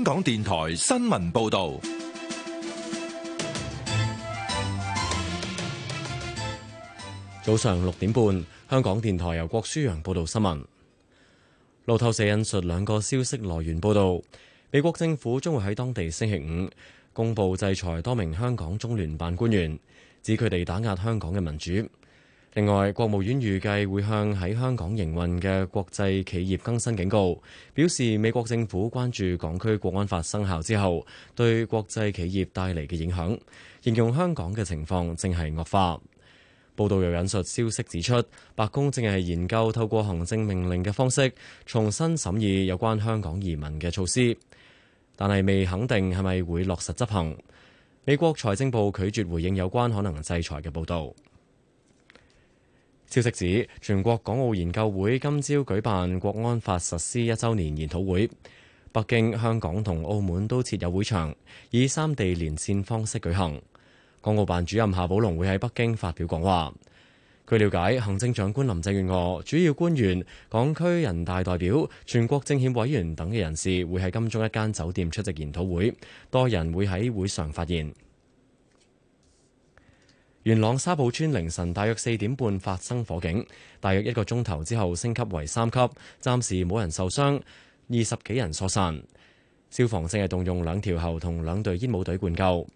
香港電台新聞報道，早上六點半，香港電台由郭舒揚報道新聞。路透社引述兩個消息來源報道，美國政府將會喺當地星期五公布制裁多名香港中聯辦官員，指佢哋打壓香港嘅民主。另外，國務院預計會向喺香港營運嘅國際企業更新警告，表示美國政府關注港區國安法生效之後對國際企業帶嚟嘅影響，形容香港嘅情況正係惡化。報道又引述消息指出，白宮正係研究透過行政命令嘅方式重新審議有關香港移民嘅措施，但係未肯定係咪會落實執行。美國財政部拒絕回應有關可能制裁嘅報導。消息指，全國港澳研究會今朝舉辦《國安法》實施一周年研討會，北京、香港同澳門都設有會場，以三地連線方式舉行。港澳辦主任夏寶龍會喺北京發表講話。據了解，行政長官林鄭月娥、主要官員、港區人大代表、全國政協委員等嘅人士會喺金鐘一間酒店出席研討會，多人會喺會上發言。元朗沙埔村凌晨大約四點半發生火警，大約一個鐘頭之後升級為三級，暫時冇人受傷，二十幾人疏散。消防正係動用兩條喉同兩隊煙霧隊灌救。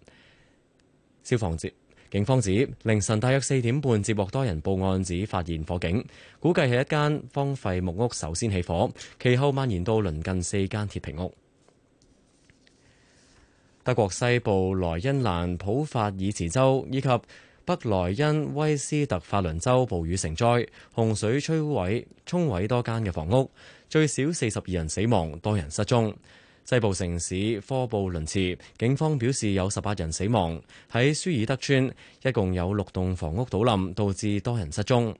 消防接警方指凌晨大約四點半接獲多人報案，指發現火警，估計係一間荒廢木屋首先起火，其後蔓延到鄰近四間鐵皮屋。德國西部萊茵蘭普法爾茨州以及北萊茵威斯特法倫州暴雨成災，洪水摧毀沖毀多間嘅房屋，最少四十二人死亡，多人失蹤。西部城市科布倫茨警方表示有十八人死亡。喺舒爾德村，一共有六棟房屋倒冧，導致多人失蹤。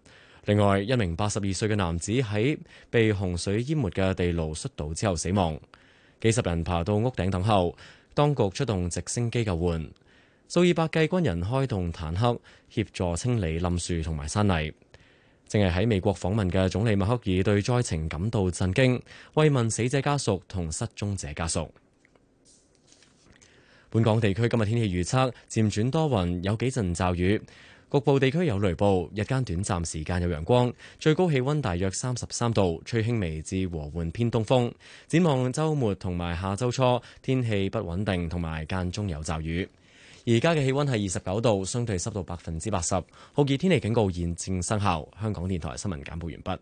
另外一名八十二歲嘅男子喺被洪水淹沒嘅地牢摔倒之後死亡。幾十人爬到屋頂等候，當局出動直升機救援。數以百計軍人開動坦克協助清理冧樹同埋山泥。正係喺美國訪問嘅總理默克爾對災情感到震驚，慰問死者家屬同失蹤者家屬。本港地區今日天氣預測漸轉多雲，有幾陣驟雨，局部地區有雷暴。日間短暫時間有陽光，最高氣温大約三十三度，吹輕微至和緩偏東風。展望周末同埋下周初，天氣不穩定，同埋間中有驟雨。而家嘅氣溫係二十九度，相對濕度百分之八十，酷熱天氣警告現正生效。香港電台新聞簡報完畢。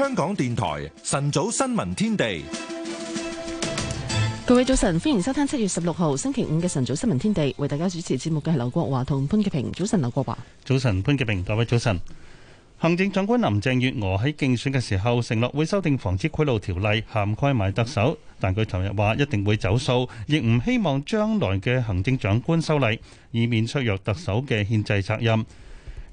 香港電台晨早新聞天地，各位早晨，歡迎收聽七月十六號星期五嘅晨早新聞天地，為大家主持節目嘅係劉國華同潘潔平。早晨，劉國華。早晨，潘潔平。各位早晨。行政長官林鄭月娥喺競選嘅時候承諾會修訂防止賄賂條例涵蓋埋特首，但佢尋日話一定會走數，亦唔希望將來嘅行政長官修例，以免削弱特首嘅憲制責任。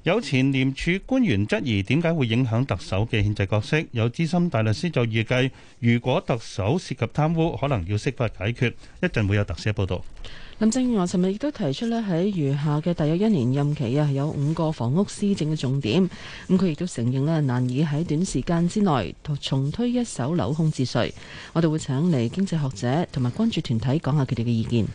有前廉署官員質疑點解會影響特首嘅憲制角色？有資深大律師就預計，如果特首涉及貪污，可能要釋法解決。一陣會有特寫報道。林鄭月娥尋日亦都提出呢，喺餘下嘅大約一年任期啊，有五個房屋施政嘅重點。咁佢亦都承認呢，難以喺短時間之內重推一手樓空置稅。我哋會請嚟經濟學者同埋關注團體講下佢哋嘅意見。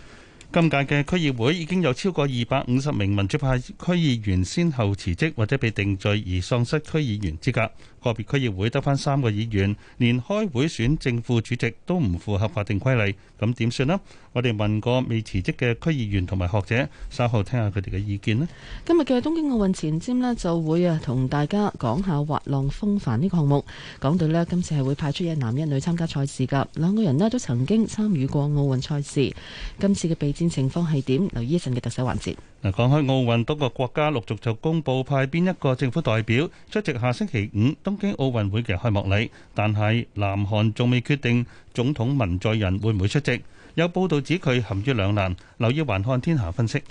今屆嘅區議會已經有超過二百五十名民主派區議員先後辭職或者被定罪而喪失區議員資格。個別區議會得翻三個議員，連開會選正副主席都唔符合法定規例，咁點算呢？我哋問過未辭職嘅區議員同埋學者，稍後聽下佢哋嘅意見啦。今日嘅東京奧運前瞻呢，就會啊同大家講下滑浪風帆呢個項目。講到呢，今次係會派出一男一女參加賽事㗎，兩個人呢，都曾經參與過奧運賽事。今次嘅備戰情況係點？留意一陣嘅特首環節。嗱，講開奧運，多個國家陸續就公佈派邊一個政府代表出席下星期五東京奧運會嘅開幕禮，但係南韓仲未決定總統文在寅會唔會出席。有報道指佢陷於兩難。留意環看天下分析。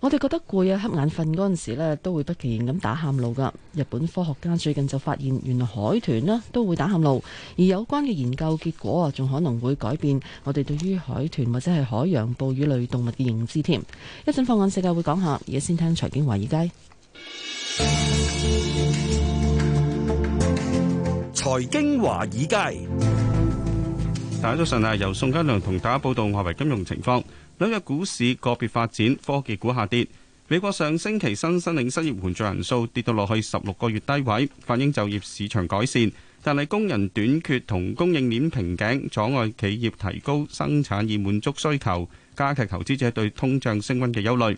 我哋覺得攰啊、瞌眼瞓嗰陣時咧，都會不期然咁打喊路噶。日本科學家最近就發現，原來海豚咧都會打喊路，而有關嘅研究結果仲可能會改變我哋對於海豚或者係海洋哺乳類動物嘅認知添。一陣放眼世界會講下，而家先聽財經華爾街。財經華爾街。大家早晨啊！由宋家良同大家報道外圍金融情況。紐約股市個別發展，科技股下跌。美國上星期新申領失業援助人數跌到落去十六個月低位，反映就業市場改善。但係工人短缺同供應鏈瓶頸阻礙企業提高生產，以滿足需求，加劇投資者對通脹升溫嘅憂慮。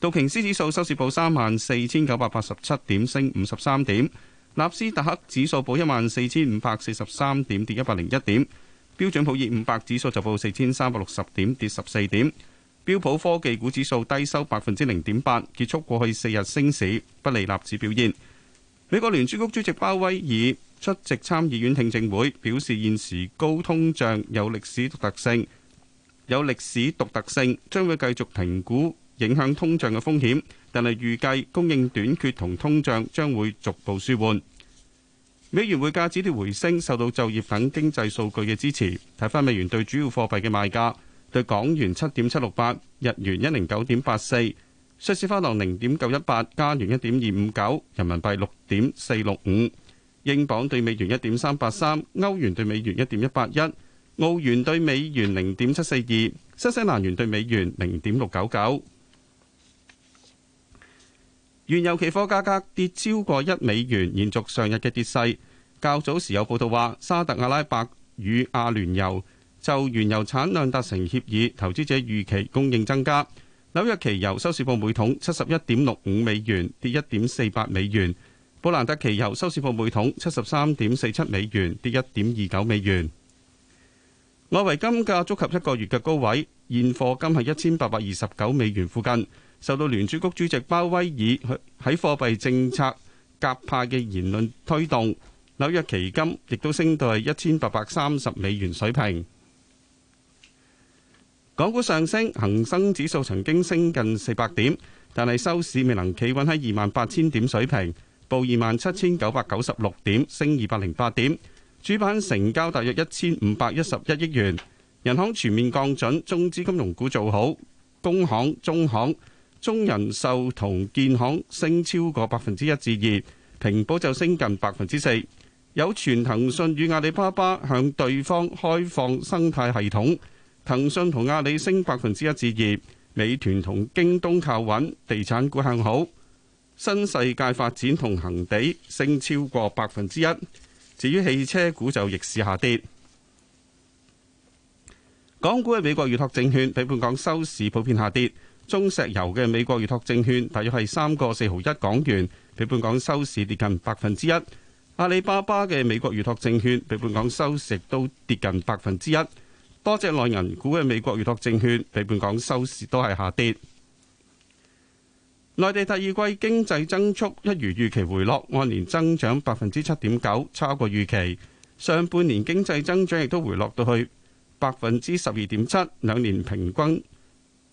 道瓊斯指數收市報三萬四千九百八十七點，升五十三點；納斯達克指數報一萬四千五百四十三點，跌一百零一點。標準普爾五百指數就報四千三百六十點，跌十四點。標普科技股指數低收百分之零點八，結束過去四日升市不利納指表現。美國聯儲局主席鮑威爾出席參議院聽證會，表示現時高通脹有歷史獨特性，有歷史獨特性，將會繼續評估影響通脹嘅風險，但係預計供應短缺同通脹將會逐步舒緩。美元匯價止跌回升，受到就業等經濟數據嘅支持。睇返美元對主要貨幣嘅賣價：對港元七點七六八，日元一零九點八四，瑞士法郎零點九一八，加元一點二五九，人民幣六點四六五，英鎊對美元一點三八三，歐元對美元一點一八一，澳元對美元零點七四二，新西蘭元對美元零點六九九。原油期貨價格跌超過一美元，延續上日嘅跌勢。較早時有報道話，沙特阿拉伯與阿聯酋就原油產量達成協議，投資者預期供應增加。紐約期油收市報每桶七十一點六五美元，跌一點四八美元。布蘭特期油收市報每桶七十三點四七美元，跌一點二九美元。外圍金價觸及一個月嘅高位，現貨金喺一千八百二十九美元附近。受到聯儲局主席鮑威爾喺貨幣政策鴿派嘅言論推動，紐約期金亦都升到係一千八百三十美元水平。港股上升，恒生指數曾經升近四百點，但係收市未能企穩喺二萬八千點水平，報二萬七千九百九十六點，升二百零八點。主板成交大約一千五百一十一億元。人行全面降準，中資金融股做好，工行、中行、中人壽同建行升超過百分之一至二，平保就升近百分之四。有傳騰訊與阿里巴巴向對方開放生態系統，騰訊同阿里升百分之一至二，美團同京東靠穩，地產股向好，新世界發展同恒地升超過百分之一。至於汽車股就逆市下跌。港股嘅美國預託證券比本港收市普遍下跌。中石油嘅美國預託證券大約係三個四毫一港元，比本港收市跌近百分之一。阿里巴巴嘅美國預託證券比本港收市都跌近百分之一，多隻內銀股嘅美國預託證券比本港收市都係下跌。內地第二季經濟增速一如預期回落，按年增長百分之七點九，超過預期。上半年經濟增長亦都回落到去百分之十二點七，兩年平均。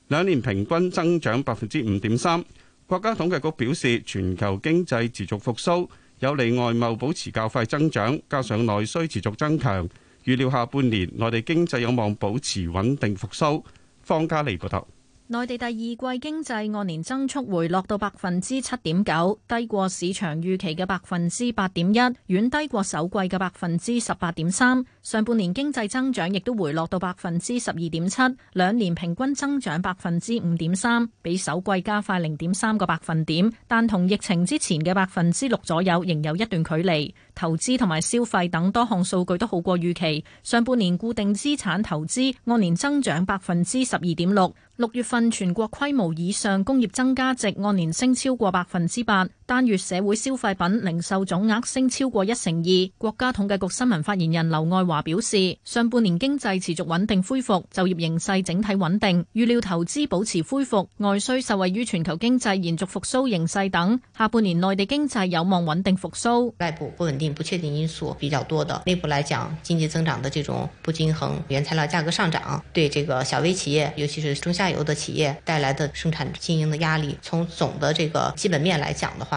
兩年平均增長百分之五點三。國家統計局表示，全球經濟持續復甦，有利外貿保持較快增長，加上內需持續增強，預料下半年內地經濟有望保持穩定復甦。方家利報道。內地第二季經濟按年增速回落到百分之七點九，低過市場預期嘅百分之八點一，遠低過首季嘅百分之十八點三。上半年經濟增長亦都回落到百分之十二點七，兩年平均增長百分之五點三，比首季加快零點三個百分點，但同疫情之前嘅百分之六左右仍有一段距離。投資同埋消費等多項數據都好過預期。上半年固定資產投資按年增長百分之十二點六。六月份全國規模以上工業增加值按年升超過百分之八。單月社會消費品零售總額升超過一成二。國家統計局新聞發言人劉愛華表示，上半年經濟持續穩定恢復，就業形勢整體穩定，預料投資保持恢復，外需受惠於全球經濟延續復甦形勢等，下半年內地經濟有望穩定復甦。外部不穩定、不確定因素比較多的，內部來講，經濟增長的這種不均衡，原材料價格上漲，對這個小微企業，尤其是中下游的企業帶來的生產經營的壓力，從總的這個基本面來講的話。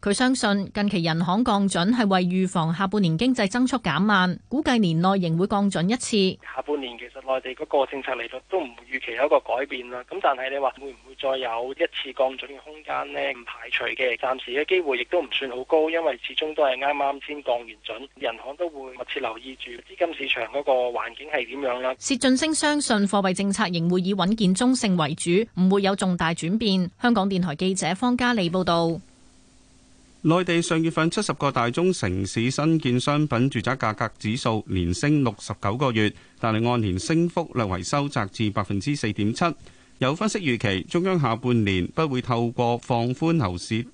佢相信近期人行降準係為預防下半年經濟增速減慢，估計年內仍會降準一次。下半年其實內地個政策利率都唔預期有一個改變啦。咁但係你話會唔會再有一次降準嘅空間咧？唔排除嘅，暫時嘅機會亦都唔算好高，因為始終都係啱啱先降完準，人行都會密切留意住資金市場嗰個環境係點樣啦。薛俊升相信貨幣政策仍會以穩健中性為主，唔會有重大轉變。香港電台記者方嘉莉報道。內地上月份七十個大中城市新建商品住宅價格指數連升六十九個月，但係按年升幅略為收窄至百分之四點七。有分析預期，中央下半年不會透過放寬樓市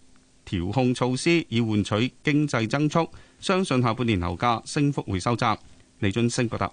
調控措施以換取經濟增速，相信下半年樓價升幅會收窄。李俊升覺得。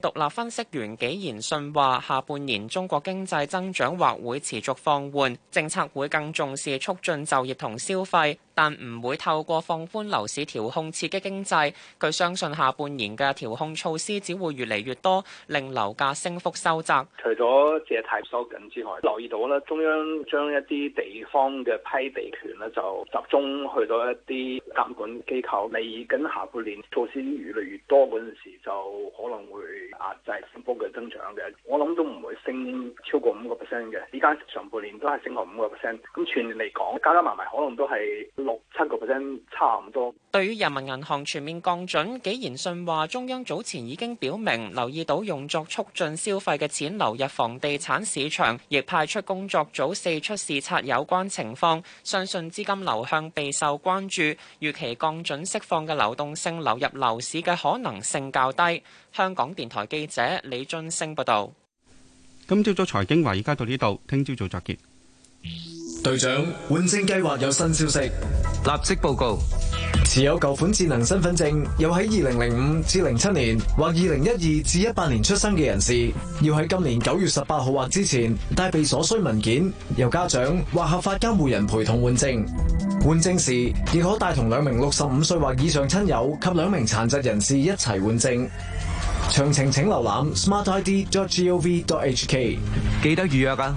獨立分析員紀言信話，下半年中國經濟增長或會持續放緩，政策會更重視促進就業同消費。但唔會透過放寬樓市調控刺激經濟，佢相信下半年嘅調控措施只會越嚟越多，令樓價升幅收窄。除咗借貸收緊之外，留意到咧，中央將一啲地方嘅批地權咧就集中去到一啲監管機構。嚟緊下半年措施越嚟越多嗰陣時，就可能會壓制升幅嘅增長嘅。我諗都唔會升超過五個 percent 嘅。依家上半年都係升過五個 percent，咁全年嚟講加加埋埋可能都係。七個對於人民銀行全面降準，紀賢信話：中央早前已經表明，留意到用作促進消費嘅錢流入房地產市場，亦派出工作組四出視察有關情況。相信，信資金流向備受關注，預期降準釋放嘅流動性流入樓市嘅可能性較低。香港電台記者李俊升報道。今朝早財經話而家到呢度，聽朝早作結。隊長換證計劃有新消息。立即報告。持有舊款智能身份證又喺二零零五至零七年或二零一二至一八年出生嘅人士，要喺今年九月十八號或之前帶備所需文件，由家長或合法監護人陪同換證。換證時亦可帶同兩名六十五歲或以上親友及兩名殘疾人士一齊換證。詳情請瀏覽 smartid.gov.hk。記得預約啊！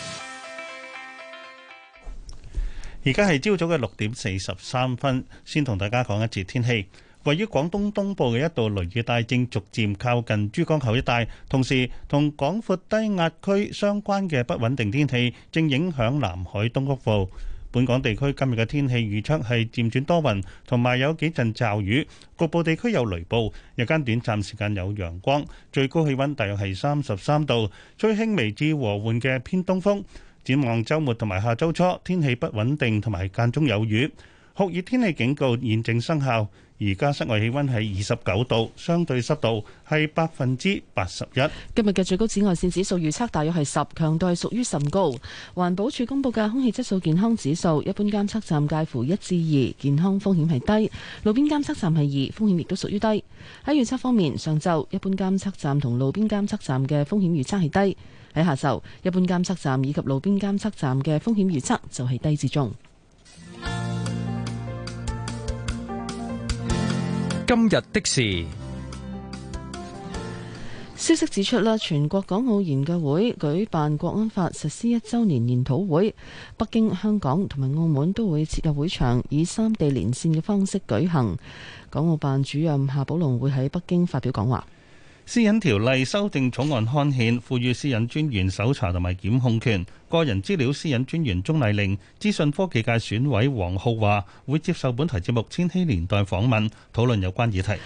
而家係朝早嘅六點四十三分，先同大家講一次天氣。位於廣東東部嘅一道雷雨帶正逐漸靠近珠江口一帶，同時同廣闊低壓區相關嘅不穩定天氣正影響南海東北部。本港地區今日嘅天氣預測係漸轉多雲，同埋有幾陣驟雨，局部地區有雷暴，日間短暫時間有陽光，最高氣溫大約係三十三度，吹輕微至和緩嘅偏東風。展望周末同埋下周初，天氣不穩定同埋間中有雨，酷熱天氣警告現正生效。而家室外氣温係二十九度，相對濕度係百分之八十一。今日嘅最高紫外線指數預測大約係十，強度係屬於甚高。環保署公布嘅空氣質素健康指數，一般監測站介乎一至二，健康風險係低；路邊監測站係二，風險亦都屬於低。喺預測方面，上晝一般監測站同路邊監測站嘅風險預測係低。喺下晝，一般監測站以及路邊監測站嘅風險預測就係低至中。今日的事，消息指出啦，全國港澳研究會舉辦《國安法》實施一週年研討會，北京、香港同埋澳門都會設立會場，以三地連線嘅方式舉行。港澳辦主任夏寶龍會喺北京發表講話。私隱條例修訂草案刊憲，賦予私隱專員搜查同埋檢控權。個人資料私隱專員鍾麗玲。資訊科技界選委黃浩華會接受本台節目《千禧年代》訪問，討論有關議題。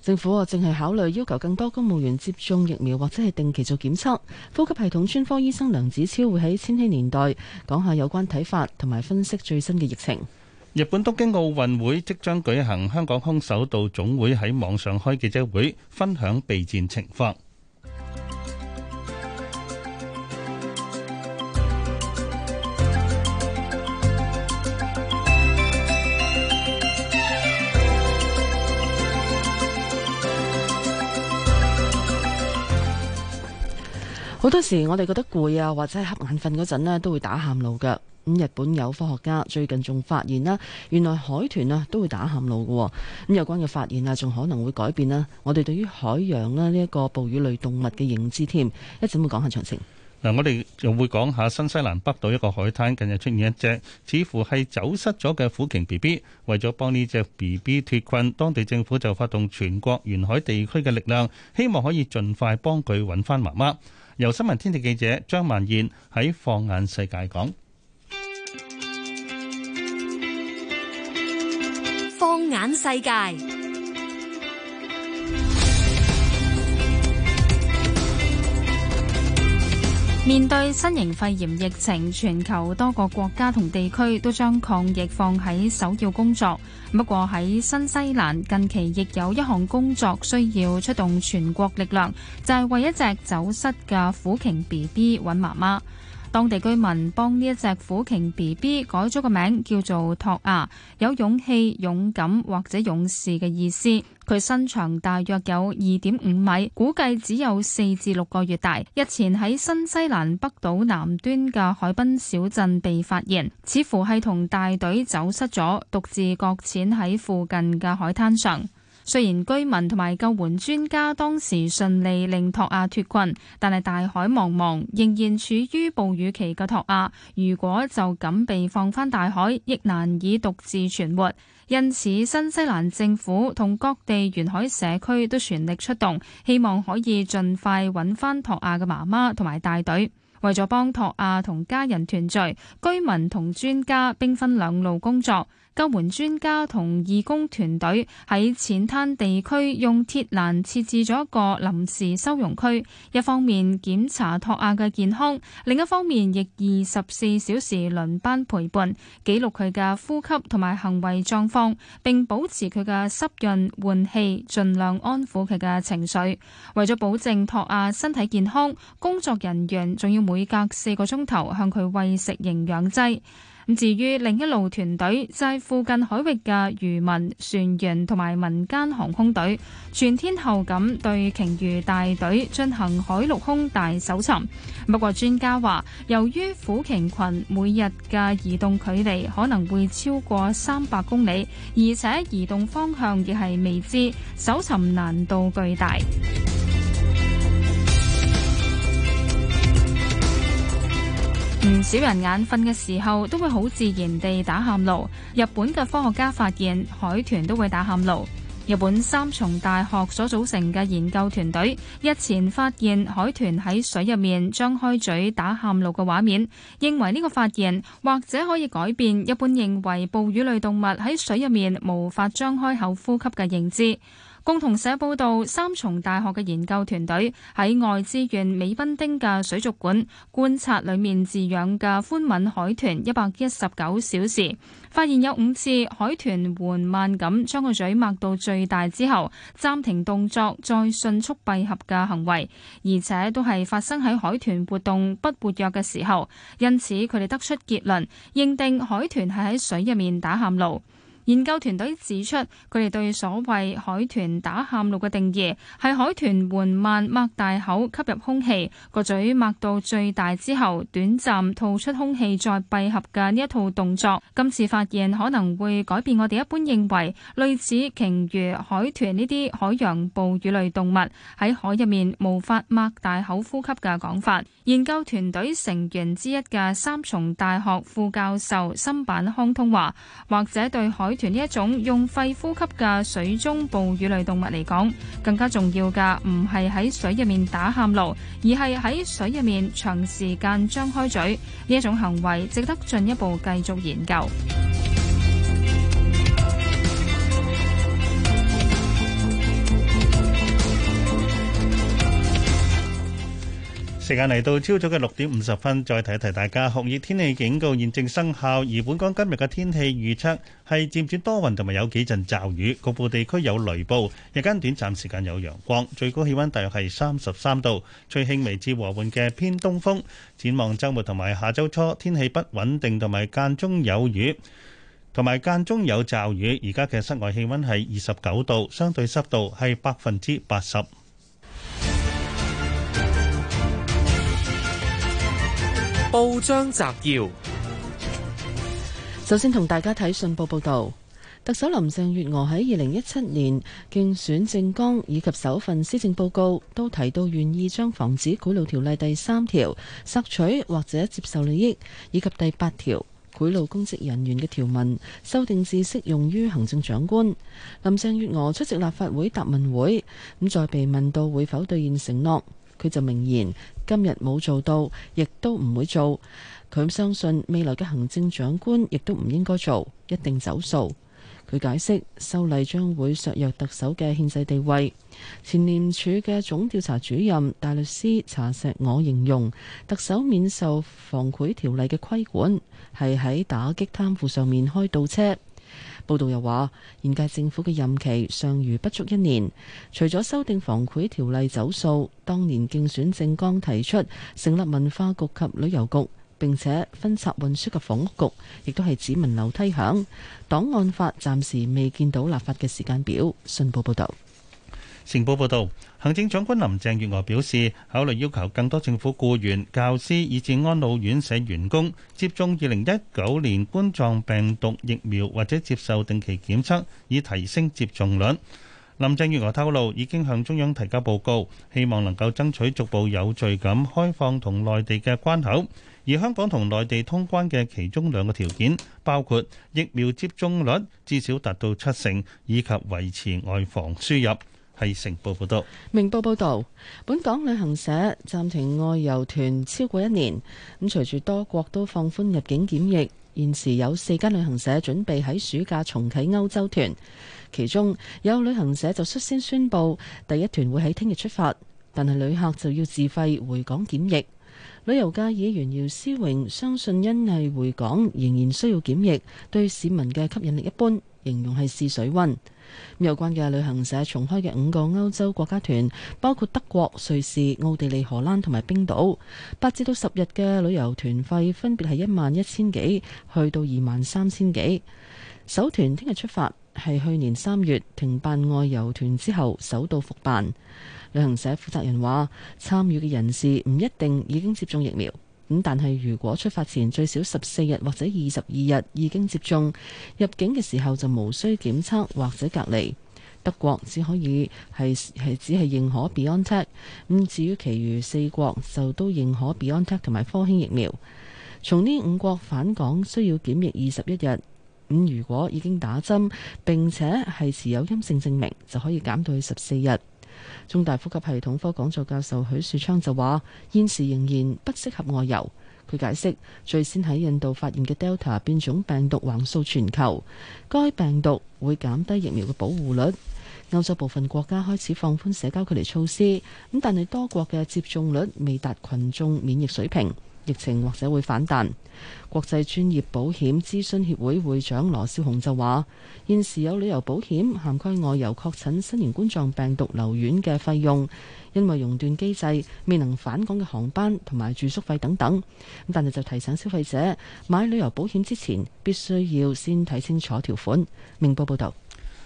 政府正係考慮要求更多公務員接種疫苗，或者係定期做檢測。呼吸系統專科醫生梁子超會喺《千禧年代》講下有關睇法同埋分析最新嘅疫情。日本東京奧運會即將舉行，香港空手道總會喺網上開記者會，分享備戰情況。好多時我哋覺得攰啊，或者係瞌眼瞓嗰陣呢，都會打喊路噶。咁日本有科學家最近仲發現啦，原來海豚啊都會打喊路㗎，哦。咁有關嘅發現啊，仲可能會改變啦，我哋對於海洋啦呢一個哺乳類動物嘅認知添。一陣會講下詳情嗱。我哋又會講下新西蘭北島一個海灘近日出現一隻似乎係走失咗嘅虎鯨 B B，為咗幫呢隻 B B 脫困，當地政府就發動全國沿海地區嘅力量，希望可以盡快幫佢搵翻媽媽。由新聞天地記者張萬燕喺放眼世界講。放眼世界，面對新型肺炎疫情，全球多個國家同地區都將抗疫放喺首要工作。不過喺新西蘭，近期亦有一項工作需要出動全國力量，就係、是、為一隻走失嘅虎鯨 B B 揾媽媽。當地居民幫呢一隻虎鯨 BB 改咗個名，叫做托亞，有勇氣、勇敢或者勇士嘅意思。佢身長大約有二點五米，估計只有四至六個月大。日前喺新西蘭北島南端嘅海濱小鎮被發現，似乎係同大隊走失咗，獨自擱淺喺附近嘅海灘上。雖然居民同埋救援專家當時順利令托亞脫困，但係大海茫茫，仍然處於暴雨期嘅托亞，如果就咁被放返大海，亦難以獨自存活。因此，新西蘭政府同各地沿海社區都全力出動，希望可以盡快揾翻托亞嘅媽媽同埋大隊。為咗幫托亞同家人團聚，居民同專家兵分兩路工作。救援專家同義工團隊喺淺灘地區用鐵欄設置咗一個臨時收容區，一方面檢查托亞嘅健康，另一方面亦二十四小時輪班陪伴，記錄佢嘅呼吸同埋行為狀況，並保持佢嘅濕潤換氣，盡量安撫佢嘅情緒。為咗保證托亞身體健康，工作人員仲要每隔四個鐘頭向佢餵食營養劑。至於另一路團隊，就係附近海域嘅漁民、船員同埋民間航空隊，全天候咁對鯨魚大隊進行海陸空大搜尋。不過專家話，由於虎鯨群每日嘅移動距離可能會超過三百公里，而且移動方向亦係未知，搜尋難度巨大。唔少人眼瞓嘅時候都會好自然地打喊露。日本嘅科學家發現海豚都會打喊露。日本三重大學所組成嘅研究團隊日前發現海豚喺水入面張開嘴打喊露嘅畫面，認為呢個發現或者可以改變一般認為哺乳類動物喺水入面無法張開口呼吸嘅認知。共同社報道，三重大學嘅研究團隊喺愛知縣美浜町嘅水族館觀察裏面飼養嘅寬吻海豚一百一十九小時，發現有五次海豚緩慢咁將個嘴擘到最大之後暫停動作，再迅速閉合嘅行為，而且都係發生喺海豚活動不活躍嘅時候，因此佢哋得出結論，認定海豚係喺水入面打喊露。研究團隊指出，佢哋對所謂「海豚打喊路」嘅定義係海豚緩慢擘大口吸入空氣，個嘴擘到最大之後，短暫吐出空氣再閉合嘅呢一套動作。今次發現可能會改變我哋一般認為類似鯨魚、海豚呢啲海洋哺乳類動物喺海入面無法擘大口呼吸嘅講法。研究團隊成員之一嘅三重大學副教授新版康通話，或者對海豚呢一種用肺呼吸嘅水中哺乳類動物嚟講，更加重要嘅唔係喺水入面打喊路，而係喺水入面長時間張開嘴呢一種行為，值得進一步繼續研究。時間嚟到朝早嘅六點五十分，再提一提大家，酷熱天氣警告現正生效，而本港今日嘅天氣預測係漸轉多雲同埋有幾陣驟雨，局部地區有雷暴，日間短暫時間有陽光，最高氣溫大約係三十三度，吹輕微至和緩嘅偏東風。展望週末同埋下週初，天氣不穩定同埋間中有雨，同埋間中有驟雨。而家嘅室外氣溫係二十九度，相對濕度係百分之八十。報章摘要，首先同大家睇信報報道，特首林鄭月娥喺二零一七年競選政綱以及首份施政報告都提到願意將防止賄賂條例第三條索取或者接受利益以及第八條賄賂公職人員嘅條文修訂至適用於行政長官。林鄭月娥出席立法會答問會，咁再被問到會否兌現承諾？佢就明言今日冇做到，亦都唔會做。佢相信未來嘅行政長官亦都唔應該做，一定走數。佢解釋，修例將會削弱特首嘅憲制地位。前廉署嘅總調查主任大律師查錫我形容，特首免受防賄條例嘅規管，係喺打擊貪腐上面開倒車。報道又話，現屆政府嘅任期尚餘不足一年，除咗修訂防賄條例走數，當年競選政綱提出成立文化局及旅遊局，並且分拆運輸嘅房屋局，亦都係只聞樓梯響。檔案法暫時未見到立法嘅時間表。信報報導，晴報報導。行政長官林鄭月娥表示，考慮要求更多政府僱員、教師以至安老院舍員工接種二零一九年冠狀病毒疫苗，或者接受定期檢測，以提升接種率。林鄭月娥透露，已經向中央提交報告，希望能夠爭取逐步有序咁開放同內地嘅關口。而香港同內地通關嘅其中兩個條件，包括疫苗接種率至少達到七成，以及維持外防輸入。係《成報》報道，《明報》報道，本港旅行社暫停外遊團超過一年。咁隨住多國都放寬入境檢疫，現時有四間旅行社準備喺暑假重啟歐洲團，其中有旅行社就率先宣布第一團會喺聽日出發，但係旅客就要自費回港檢疫。旅遊界議員姚思榮相信，因為回港仍然需要檢疫，對市民嘅吸引力一般，形容係試水温。有關嘅旅行社重開嘅五個歐洲國家團，包括德國、瑞士、奧地利、荷蘭同埋冰島，八至到十日嘅旅遊團費分別係一萬一千幾去到二萬三千幾。首團聽日出發，係去年三月停辦外遊團之後首度復辦。旅行社負責人話，參與嘅人士唔一定已經接種疫苗。但係如果出發前最少十四日或者二十二日已經接種，入境嘅時候就無需檢測或者隔離。德國只可以係係只係認可 BioNTech，咁、嗯、至於其餘四國就都認可 BioNTech 同埋科興疫苗。從呢五國返港需要檢疫二十一日，咁、嗯、如果已經打針並且係持有陰性證明，就可以減到去十四日。中大呼吸系統科講座教授許樹昌就話：現時仍然不適合外遊。佢解釋，最先喺印度發現嘅 Delta 變種病毒橫掃全球，該病毒會減低疫苗嘅保護率。歐洲部分國家開始放寬社交距離措施，咁但係多國嘅接種率未達群眾免疫水平，疫情或者會反彈。國際專業保險諮詢協會會長羅少雄就話，現時有旅遊保險涵蓋外遊確診新型冠狀病毒留院嘅費用，因為熔斷機制未能返港嘅航班同埋住宿費等等。但係就提醒消費者買旅遊保險之前，必須要先睇清楚條款。明報報道。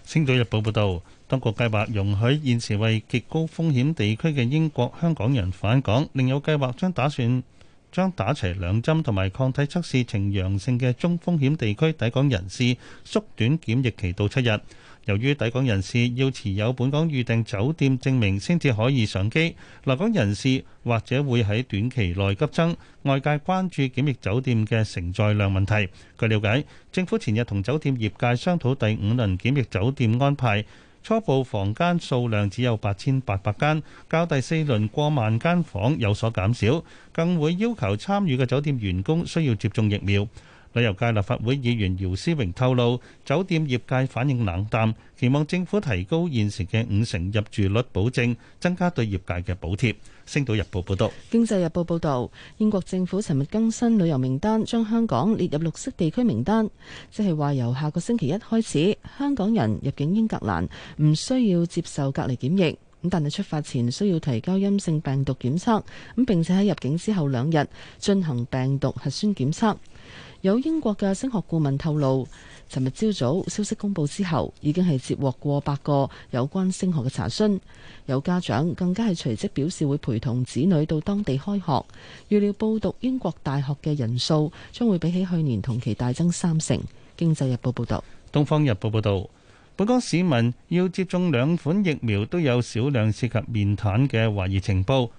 星島日報報道，當局計劃容許現時為極高風險地區嘅英國香港人返港，另有計劃將打算。將打齊兩針同埋抗體測試呈陽性嘅中風險地區抵港人士縮短檢疫期到七日。由於抵港人士要持有本港預定酒店證明先至可以上機，留港人士或者會喺短期內急增，外界關注檢疫酒店嘅承載量問題。據了解，政府前日同酒店業界商討第五輪檢疫酒店安排。初步房間數量只有八千八百間，較第四輪過萬間房有所減少，更會要求參與嘅酒店員工需要接種疫苗。旅遊界立法會議員姚思榮透露，酒店業界反應冷淡，期望政府提高現時嘅五成入住率保證，增加對業界嘅補貼。星島日報報道。經濟日報報道，英國政府尋日更新旅遊名單，將香港列入綠色地區名單，即係話由下個星期一開始，香港人入境英格蘭唔需要接受隔離檢疫，咁但係出發前需要提交陰性病毒檢測，咁並且喺入境之後兩日進行病毒核酸檢測。有英國嘅升學顧問透露，尋日朝早消息公布之後，已經係接獲過百個有關升學嘅查詢，有家長更加係隨即表示會陪同子女到當地開學。預料報讀英國大學嘅人數將會比起去年同期大增三成。經濟日報報道。東方日報報道，本港市民要接種兩款疫苗都有少量涉及面癱嘅懷疑情報。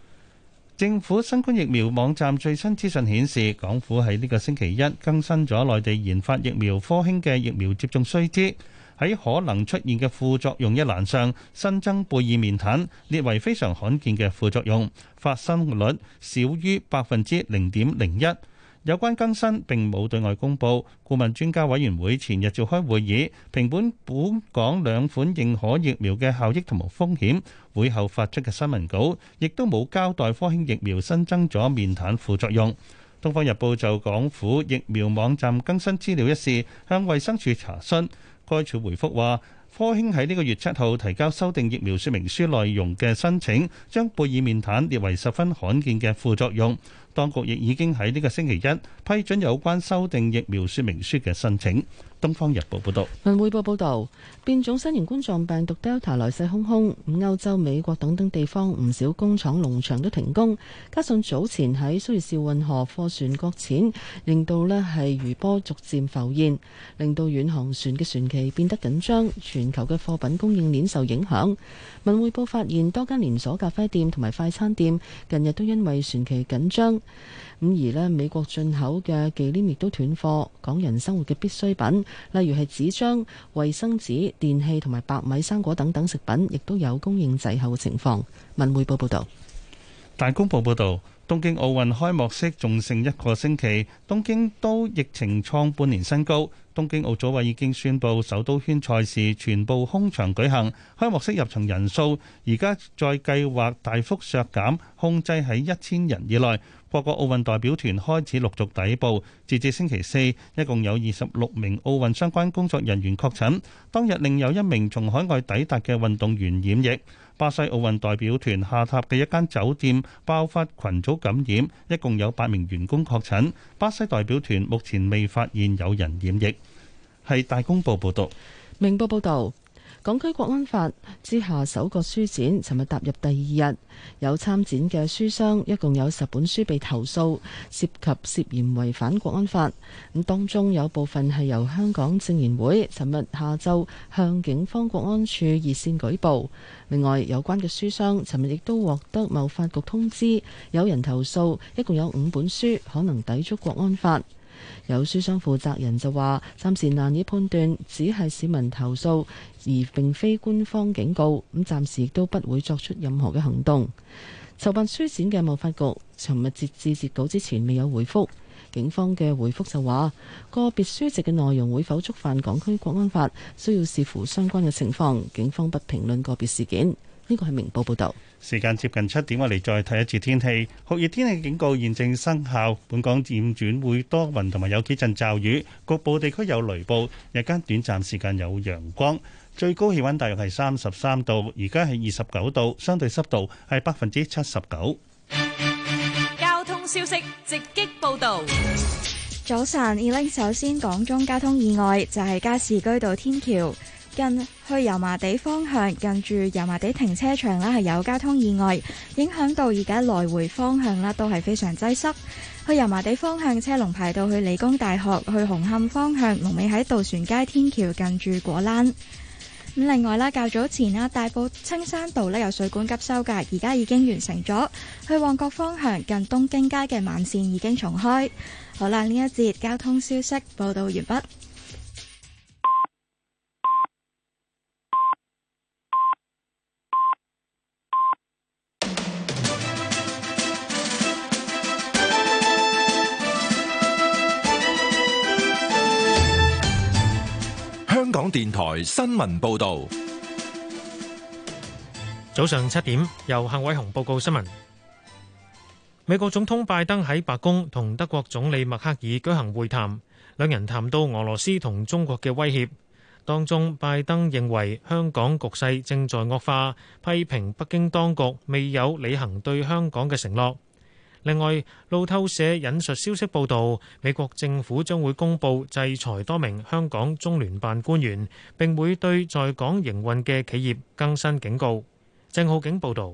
政府新冠疫苗網站最新資訊顯示，港府喺呢個星期一更新咗內地研發疫苗科興嘅疫苗接種須知。喺可能出現嘅副作用一欄上，新增貝爾面癱，列為非常罕見嘅副作用，發生率少於百分之零點零一。有關更新並冇對外公佈，顧問專家委員會前日召開會議，評本本港兩款認可疫苗嘅效益同埋風險。會後發出嘅新聞稿亦都冇交代科興疫苗新增咗面癱副作用。《東方日報》就港府疫苗網站更新資料一事向衛生署查詢，該處回覆話。科興喺呢個月七號提交修訂疫苗說明書內容嘅申請，將貝爾面癱列為十分罕見嘅副作用。當局亦已經喺呢個星期一批准有關修訂疫苗說明書嘅申請。《東方日報》報道，《文匯報》報道，變種新型冠狀病毒 Delta 來勢洶洶，歐洲、美國等等地方唔少工廠、農場都停工，加上早前喺蘇伊士運河貨船擱淺，令到呢係餘波逐漸浮現，令到遠航船嘅船期變得緊張。全全球嘅貨品供應鏈受影響。文匯報發現，多間連鎖咖啡店同埋快餐店近日都因為船期緊張，咁而呢美國進口嘅忌廉亦都斷貨。港人生活嘅必需品，例如係紙張、衛生紙、電器同埋白米、生果等等食品，亦都有供應滯後嘅情況。文匯報報道，大公報報道。東京奧運開幕式仲剩一個星期，東京都疫情創半年新高。東京奧組委已經宣布，首都圈賽事全部空場舉行，開幕式入場人數而家再計劃大幅削減，控制喺一千人以內。各個奧運代表團開始陸續抵步。截至星期四，一共有二十六名奧運相關工作人員確診。當日另有一名從海外抵達嘅運動員染疫。巴西奧運代表團下榻嘅一間酒店爆發群組感染，一共有八名員工確診。巴西代表團目前未發現有人染疫。係大公報報道，明報報道。港區國安法之下首個書展，尋日踏入第二日，有參展嘅書商一共有十本書被投訴，涉及涉嫌違反國安法。咁當中有部分係由香港政研會尋日下晝向警方國安處熱線舉報。另外有關嘅書商尋日亦都獲得貿發局通知，有人投訴，一共有五本書可能抵觸國安法。有書商負責人就話，暫時難以判斷，只係市民投訴，而並非官方警告。咁暫時亦都不會作出任何嘅行動。籌辦書展嘅貿發局，尋日截至截稿之前未有回覆。警方嘅回覆就話，個別書籍嘅內容會否觸犯港區國安法，需要視乎相關嘅情況。警方不評論個別事件。呢個係明報報道。時間接近七點，我哋再睇一次天氣。酷熱天氣警告現正生效，本港漸轉會多雲同埋有幾陣驟雨，局部地區有雷暴，日間短暫時間有陽光，最高氣溫大約係三十三度，而家係二十九度，相對濕度係百分之七十九。交通消息直擊報道，早晨，Eileen，首先講中交通意外就係加士居道天橋。近去油麻地方向，近住油麻地停車場啦，係有交通意外，影響到而家來回方向啦，都係非常擠塞。去油麻地方向車龍排到去理工大學，去紅磡方向龍尾喺渡船街天橋近住果欄。咁另外啦，較早前啊，大埔青山道咧有水管急修噶，而家已經完成咗。去旺角方向近東京街嘅晚線已經重開。好啦，呢一節交通消息報道完畢。香港電台新聞報道，早上七點，由幸偉雄報告新聞。美國總統拜登喺白宮同德國總理默克爾舉行會談，兩人談到俄羅斯同中國嘅威脅。當中，拜登認為香港局勢正在惡化，批評北京當局未有履行對香港嘅承諾。另外，路透社引述消息報道，美國政府將會公布制裁多名香港中聯辦官員，並會對在港營運嘅企業更新警告。鄭浩景報道。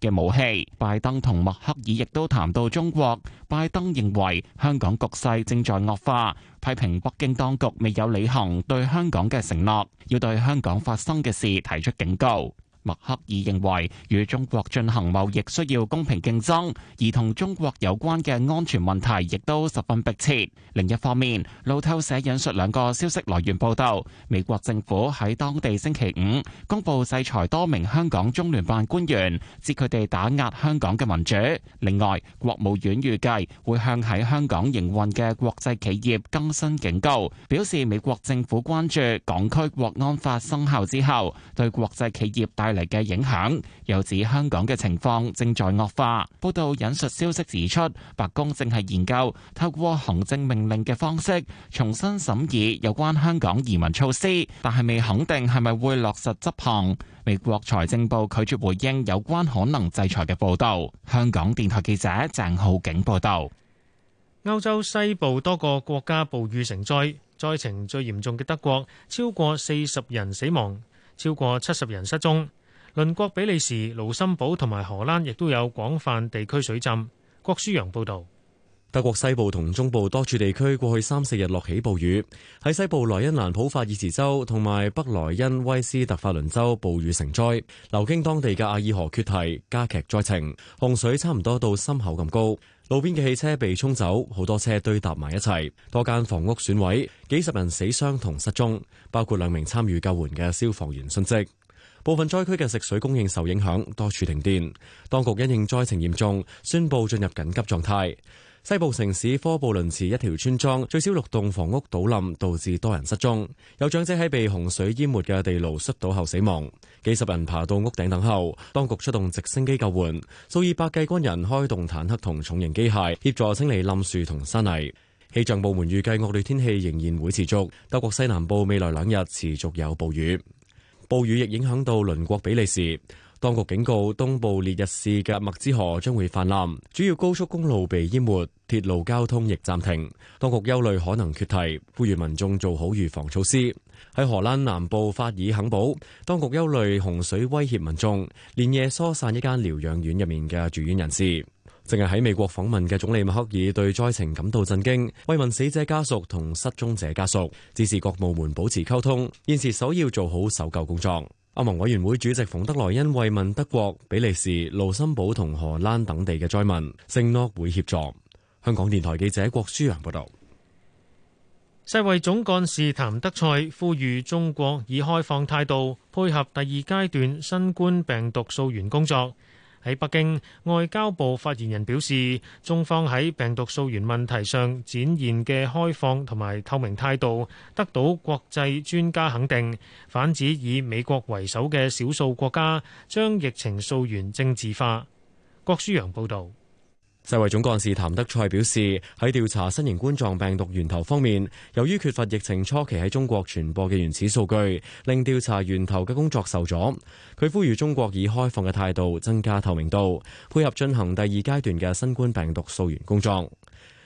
嘅武器，拜登同默克爾亦都談到中國。拜登認為香港局勢正在惡化，批評北京當局未有履行對香港嘅承諾，要對香港發生嘅事提出警告。默克爾認為與中國進行貿易需要公平競爭，而同中國有關嘅安全問題亦都十分迫切。另一方面，路透社引述兩個消息來源報道，美國政府喺當地星期五公布制裁多名香港中聯辦官員，指佢哋打壓香港嘅民主。另外，國務院預計會向喺香港營運嘅國際企業更新警告，表示美國政府關注港區國安法生效之後對國際企業帶。嘅影響，又指香港嘅情況正在惡化。報道引述消息指出，白宮正係研究透過行政命令嘅方式重新審議有關香港移民措施，但係未肯定係咪會落實執行。美國財政部拒絕回應有關可能制裁嘅報道。香港電台記者鄭浩景報道：歐洲西部多個國家暴雨成災，災情最嚴重嘅德國超過四十人死亡，超過七十人失蹤。鄰國比利時、盧森堡同埋荷蘭亦都有廣泛地區水浸。郭舒揚報道，德國西部同中部多處地區過去三四日落起暴雨，喺西部萊茵蘭普法爾茨州同埋北萊茵威斯特法倫州暴雨成災，流經當地嘅阿爾河決堤，加劇災情，洪水差唔多到心口咁高，路邊嘅汽車被沖走，好多車堆疊埋一齊，多間房屋損毀，幾十人死傷同失蹤，包括兩名參與救援嘅消防員殉職。部分災區嘅食水供應受影響，多處停電。當局因應災情嚴重，宣布進入緊急狀態。西部城市科布倫茨一條村莊最少六棟房屋倒冧，導致多人失蹤。有長者喺被洪水淹沒嘅地牢摔倒後死亡。幾十人爬到屋頂等候，當局出動直升機救援。數以百計軍人開動坦克同重型機械協助清理冧樹同山泥。氣象部門預計惡劣天氣仍然會持續，德國西南部未來兩日持續有暴雨。暴雨亦影響到鄰國比利時，當局警告東部列日市嘅默茲河將會氾濫，主要高速公路被淹沒，鐵路交通亦暫停。當局憂慮可能決堤，呼籲民眾做好預防措施。喺荷蘭南部法爾肯堡，當局憂慮洪水威脅民眾，連夜疏散一間療養院入面嘅住院人士。正係喺美國訪問嘅總理默克爾對災情感到震驚，慰問死者家屬同失蹤者家屬，指示各部門保持溝通。現時首要做好搜救工作。歐盟委員會主席馮德萊恩慰問德國、比利時、盧森堡同荷蘭等地嘅災民，承諾會協助。香港電台記者郭舒揚報導。世衛總幹事譚德塞呼籲中國以開放態度配合第二階段新冠病毒溯源工作。喺北京，外交部發言人表示，中方喺病毒溯源問題上展現嘅開放同埋透明態度，得到國際專家肯定。反指以美國為首嘅少數國家將疫情溯源政治化。郭舒陽報道世衛總幹事譚德賽表示，喺調查新型冠狀病毒源頭方面，由於缺乏疫情初期喺中國傳播嘅原始數據，令調查源頭嘅工作受阻。佢呼籲中國以開放嘅態度增加透明度，配合進行第二階段嘅新冠病毒溯源工作。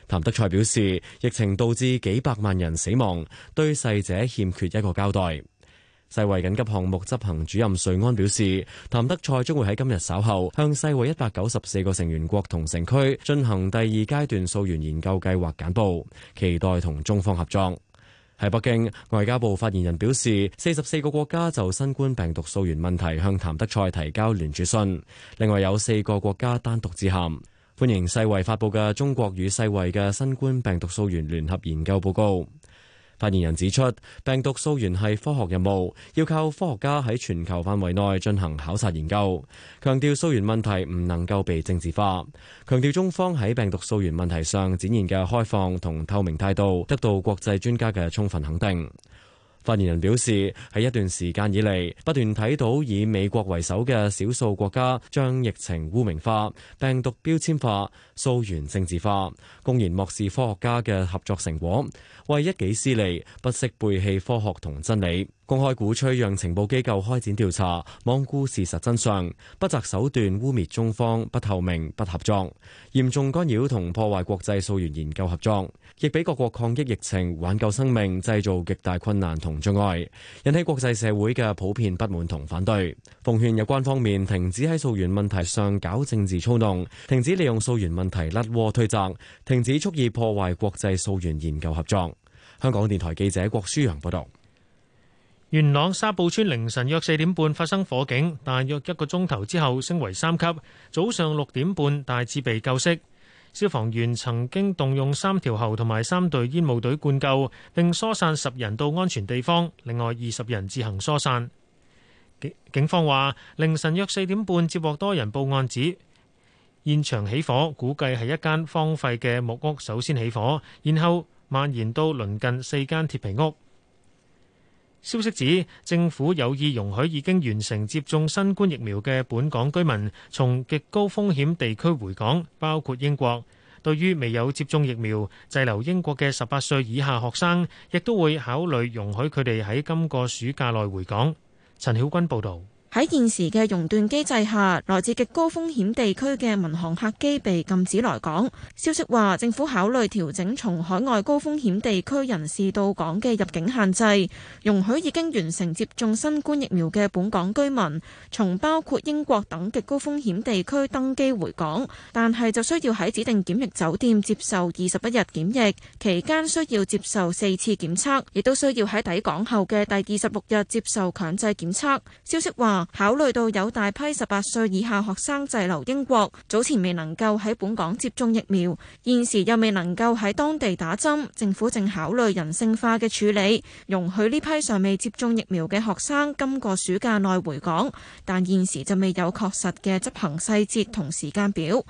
譚德賽表示，疫情導致幾百萬人死亡，對逝者欠缺一個交代。世衛緊急項目執行主任瑞安表示，譚德塞將會喺今日稍後向世衛一百九十四個成員國同城區進行第二階段溯源研究計劃簡報，期待同中方合作。喺北京，外交部發言人表示，四十四個國家就新冠病毒溯源問題向譚德塞提交聯署信，另外有四個國家單獨致函，歡迎世衛發布嘅中國與世衛嘅新冠病毒溯源聯合研究報告。發言人指出，病毒溯源係科學任務，要靠科學家喺全球範圍內進行考察研究。強調溯源問題唔能夠被政治化。強調中方喺病毒溯源問題上展現嘅開放同透明態度，得到國際專家嘅充分肯定。發言人表示，喺一段時間以嚟，不斷睇到以美國為首嘅少數國家將疫情污名化、病毒標籤化、溯源政治化，公然漠視科學家嘅合作成果，為一己私利，不惜背棄科學同真理。公開鼓吹讓情報機構開展調查，罔顧事實真相，不擇手段污蔑中方，不透明、不合作，嚴重干擾同破壞國際溯源研究合作，亦俾各國抗擊疫情挽救生命製造極大困難同障礙，引起國際社會嘅普遍不滿同反對。奉勸有關方面停止喺溯源問題上搞政治操弄，停止利用溯源問題甩鍋推責，停止蓄意破壞國際溯源研究合作。香港電台記者郭舒揚報道。元朗沙埔村凌晨約四點半發生火警，大約一個鐘頭之後升為三級。早上六點半大致被救熄。消防員曾經動用三條喉同埋三隊煙霧隊灌救，並疏散十人到安全地方，另外二十人自行疏散。警警方話，凌晨約四點半接獲多人報案指現場起火，估計係一間荒廢嘅木屋首先起火，然後蔓延到鄰近四間鐵皮屋。消息指，政府有意容許已經完成接種新冠疫苗嘅本港居民從極高風險地區回港，包括英國。對於未有接種疫苗、滯留英國嘅十八歲以下學生，亦都會考慮容許佢哋喺今個暑假內回港。陳曉君報道。喺現時嘅熔斷機制下，來自極高風險地區嘅民航客機被禁止來港。消息話，政府考慮調整從海外高風險地區人士到港嘅入境限制，容許已經完成接種新冠疫苗嘅本港居民從包括英國等極高風險地區登機回港，但係就需要喺指定檢疫酒店接受二十一日檢疫，期間需要接受四次檢測，亦都需要喺抵港後嘅第二十六日接受強制檢測。消息話，考慮到有大批十八歲以下學生滯留英國，早前未能夠喺本港接種疫苗，現時又未能夠喺當地打針，政府正考慮人性化嘅處理，容許呢批尚未接種疫苗嘅學生今個暑假內回港，但現時就未有確實嘅執行細節同時間表。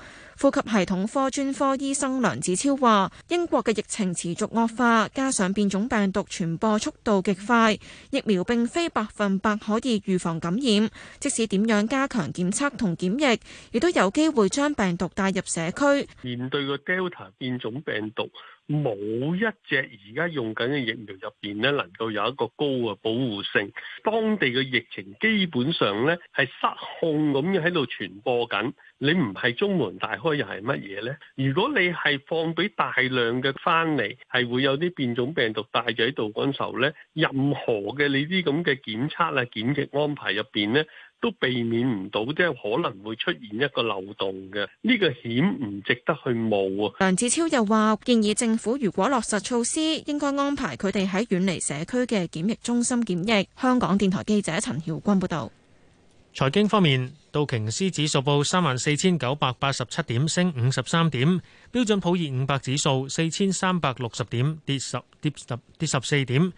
呼吸系統科專科醫生梁子超話，英國嘅疫情持續惡化，加上變種病毒傳播速度極快，疫苗並非百分百可以預防感染，即使點樣加強檢測同檢疫，亦都有機會將病毒帶入社區。面對個 Delta 變種病毒。冇一隻而家用緊嘅疫苗入邊咧，能夠有一個高嘅保護性。當地嘅疫情基本上咧係失控咁樣喺度傳播緊。你唔係中門大開又係乜嘢咧？如果你係放俾大量嘅翻嚟，係會有啲變種病毒帶住喺度。嗰陣時候咧，任何嘅你啲咁嘅檢測啊、檢疫安排入邊咧。都避免唔到，即係可能會出現一個漏洞嘅，呢、這個險唔值得去冒啊！梁子超又話建議政府如果落實措施，應該安排佢哋喺遠離社區嘅檢疫中心檢疫。香港電台記者陳曉君報道。財經方面，道瓊斯指數報三萬四千九百八十七點升五十三點，標準普爾五百指數四千三百六十點跌十跌十跌十四點。跌 10, 跌 10, 跌 10, 跌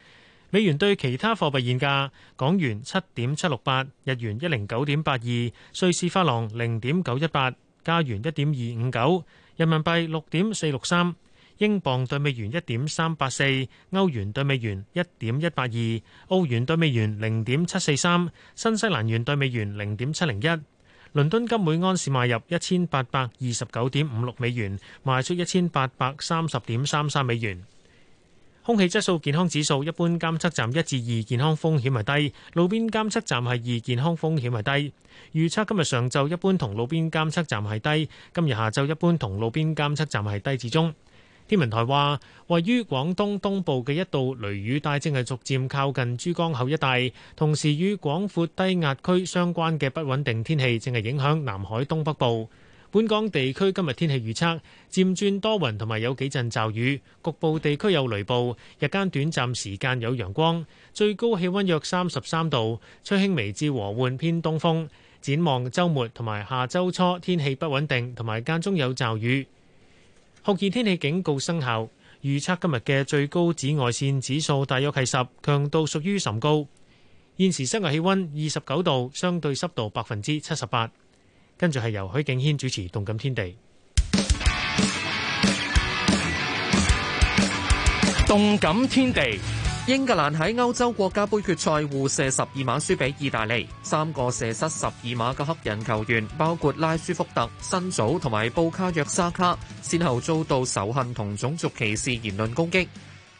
美元兌其他貨幣現價：港元七點七六八，日元一零九點八二，瑞士法郎零點九一八，加元一點二五九，人民幣六點四六三，英鎊對美元一點三八四，歐元對美元一點一八二，澳元對美元零點七四三，新西蘭元對美元零點七零一。倫敦金每安士賣入一千八百二十九點五六美元，賣出一千八百三十點三三美元。空氣質素健康指數一般監測站一至二，健康風險係低，路邊監測站係二，健康風險係低。預測今日上晝一般同路邊監測站係低，今日下晝一般同路邊監測站係低至中。天文台話，位於廣東東部嘅一道雷雨帶正係逐漸靠近珠江口一帶，同時與廣闊低壓區相關嘅不穩定天氣正係影響南海東北部。本港地區今日天氣預測，漸轉多雲同埋有幾陣驟雨，局部地區有雷暴，日間短暫時間有陽光，最高氣溫約三十三度，吹輕微至和緩偏東風，展望周末同埋下周初天氣不穩定，同埋間中有驟雨。酷熱天氣警告生效，預測今日嘅最高紫外線指數大約係十，強度屬於甚高。現時室外氣溫二十九度，相對濕度百分之七十八。跟住係由許敬軒主持《動感天地》。《動感天地》，英格蘭喺歐洲國家杯決賽互射十二碼輸俾意大利，三個射失十二碼嘅黑人球員，包括拉舒福特、新祖同埋布卡約沙卡，先後遭到仇恨同種族歧視言論攻擊。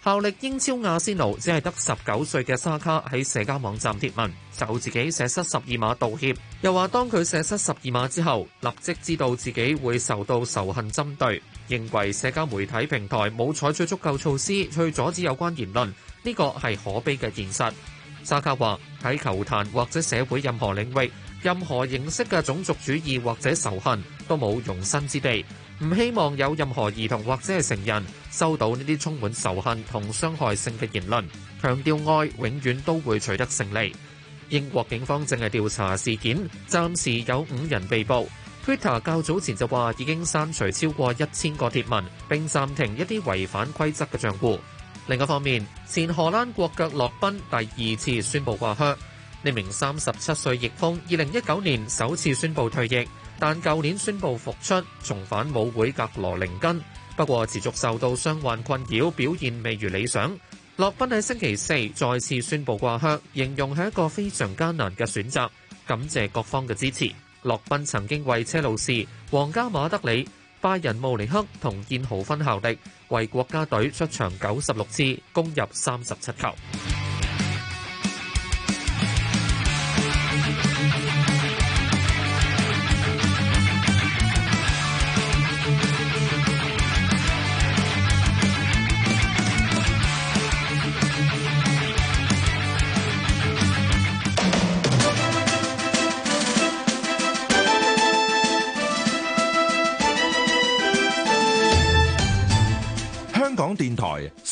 效力英超阿仙奴，只係得十九歲嘅沙卡喺社交網站貼文，就自己射失十二碼道歉。又話當佢射失十二碼之後，立即知道自己會受到仇恨針對，認為社交媒體平台冇採取足夠措施去阻止有關言論。呢個係可悲嘅現實。沙卡話喺球壇或者社會任何領域，任何形式嘅種族主義或者仇恨都冇容身之地。唔希望有任何兒童或者係成人收到呢啲充滿仇恨同傷害性嘅言論，強調愛永遠都會取得勝利。英國警方正係調查事件，暫時有五人被捕。Twitter 較早前就話已經刪除超過一千個帖文，並暫停一啲違反規則嘅賬戶。另一方面，前荷蘭國腳洛賓第二次宣布掛靴。呢名三十七歲翼鋒，二零一九年首次宣布退役。但舊年宣布復出，重返母會格羅寧根。不過持續受到傷患困擾，表現未如理想。洛賓喺星期四再次宣布掛靴，形容係一個非常艱難嘅選擇。感謝各方嘅支持。洛賓曾經為車路士、皇家馬德里、拜仁慕尼黑同燕豪芬效力，為國家隊出場九十六次，攻入三十七球。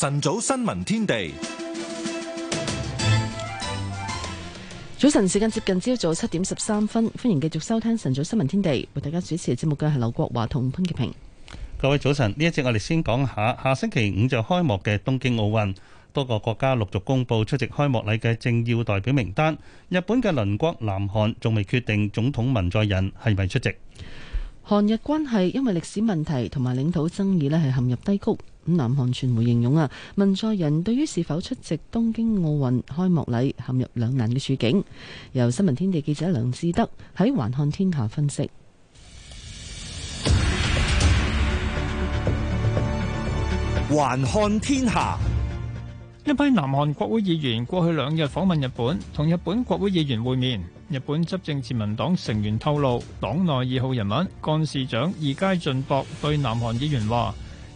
晨早新聞天地，早晨時間接近朝早七點十三分，歡迎繼續收聽晨早新聞天地，為大家主持節目嘅係劉國華同潘潔平。各位早晨，呢一節我哋先講下下星期五就開幕嘅東京奧運，多個國家陸續公佈出席開幕禮嘅政要代表名單。日本嘅鄰國南韓仲未決定總統文在寅係咪出席？韓日關係因為歷史問題同埋領土爭議呢，係陷入低谷。咁南韓傳媒形容啊，文在寅對於是否出席東京奧運開幕禮陷入兩難嘅處境。由新聞天地記者梁志德喺《橫看天下》分析，《橫看天下》一批南韓國會議員過去兩日訪問日本，同日本國會議員會面。日本執政自民黨成員透露，黨內二號人物幹事長二階俊博對南韓議員話。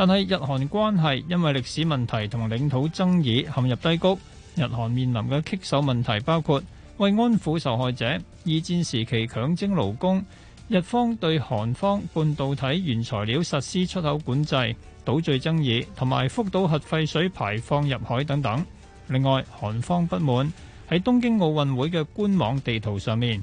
但係日韓關係因為歷史問題同領土爭議陷入低谷。日韓面臨嘅棘手問題包括慰安婦受害者、二戰時期強徵勞工、日方對韓方半導體原材料實施出口管制、島嶼爭議同埋福島核廢水排放入海等等。另外，韓方不滿喺東京奧運會嘅官網地圖上面，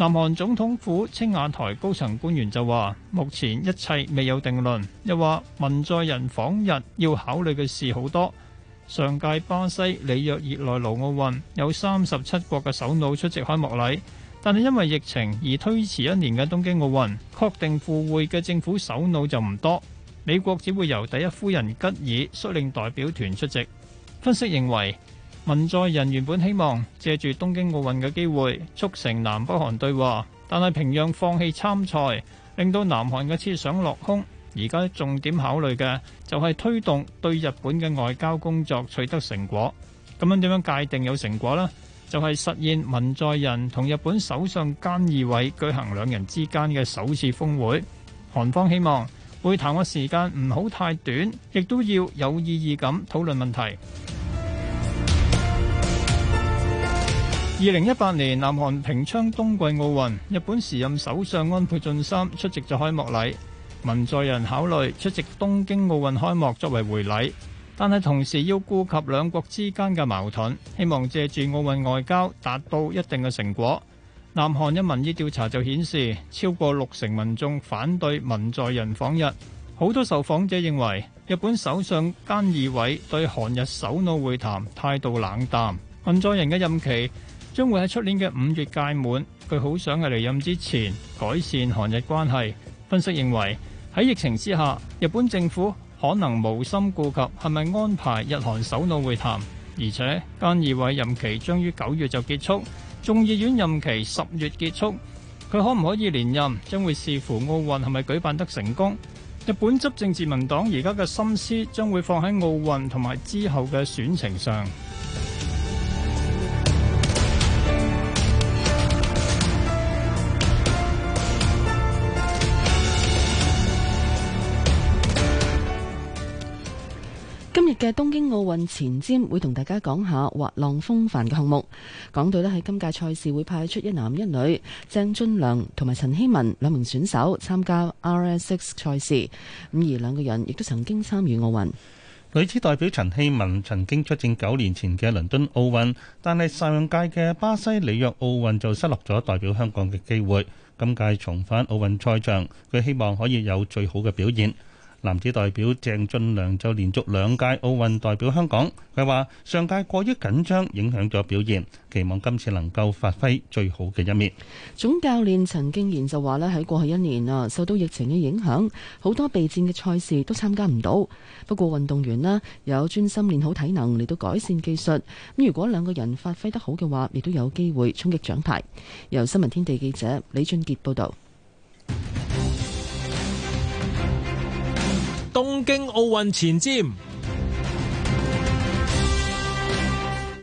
南韓總統府青瓦台高層官員就話：目前一切未有定論。又話文在寅訪日要考慮嘅事好多。上屆巴西里約熱內盧奧運有三十七國嘅首腦出席開幕禮，但係因為疫情而推遲一年嘅東京奧運，確定赴會嘅政府首腦就唔多。美國只會由第一夫人吉爾率領代表團出席。分析認為。文在寅原本希望借住東京奧運嘅機會促成南北韓對話，但係平壤放棄參賽，令到南韓嘅設想落空。而家重點考慮嘅就係推動對日本嘅外交工作取得成果。咁樣點樣界定有成果咧？就係、是、實現文在寅同日本首相菅義偉舉行兩人之間嘅首次峰會，韓方希望會談嘅時間唔好太短，亦都要有意義咁討論問題。二零一八年南韓平昌冬季奧運，日本時任首相安倍晉三出席咗開幕禮。文在寅考慮出席東京奧運開幕作為回禮，但係同時要顧及兩國之間嘅矛盾，希望借住奧運外交達到一定嘅成果。南韓一民意調查就顯示，超過六成民眾反對文在寅訪日。好多受訪者認為，日本首相菅義偉對韓日首腦會談態度冷淡。文在寅嘅任期將會喺出年嘅五月屆滿，佢好想喺離任之前改善韓日關係。分析認為喺疫情之下，日本政府可能無心顧及係咪安排日韓首腦會談，而且菅義偉任期將於九月就結束，眾議院任期十月結束，佢可唔可以連任將會視乎奧運係咪舉辦得成功。日本執政自民黨而家嘅心思將會放喺奧運同埋之後嘅選情上。嘅東京奧運前瞻會同大家講下滑浪風帆嘅項目，港隊呢喺今屆賽事會派出一男一女，鄭俊良同埋陳希文兩名選手參加 RSX 賽事。咁而兩個人亦都曾經參與奧運，女子代表陳希文曾經出戰九年前嘅倫敦奧運，但係上屆嘅巴西里約奧運就失落咗代表香港嘅機會。今屆重返奧運賽場，佢希望可以有最好嘅表現。男子代表鄭俊良就連續兩屆奧運代表香港，佢話上屆過於緊張，影響咗表現，期望今次能夠發揮最好嘅一面。總教練陳敬賢就話呢喺過去一年啊，受到疫情嘅影響，好多備戰嘅賽事都參加唔到。不過運動員呢有專心練好體能，嚟到改善技術。咁如果兩個人發揮得好嘅話，亦都有機會衝擊獎牌。由新聞天地記者李俊杰報道。東京奧運前瞻，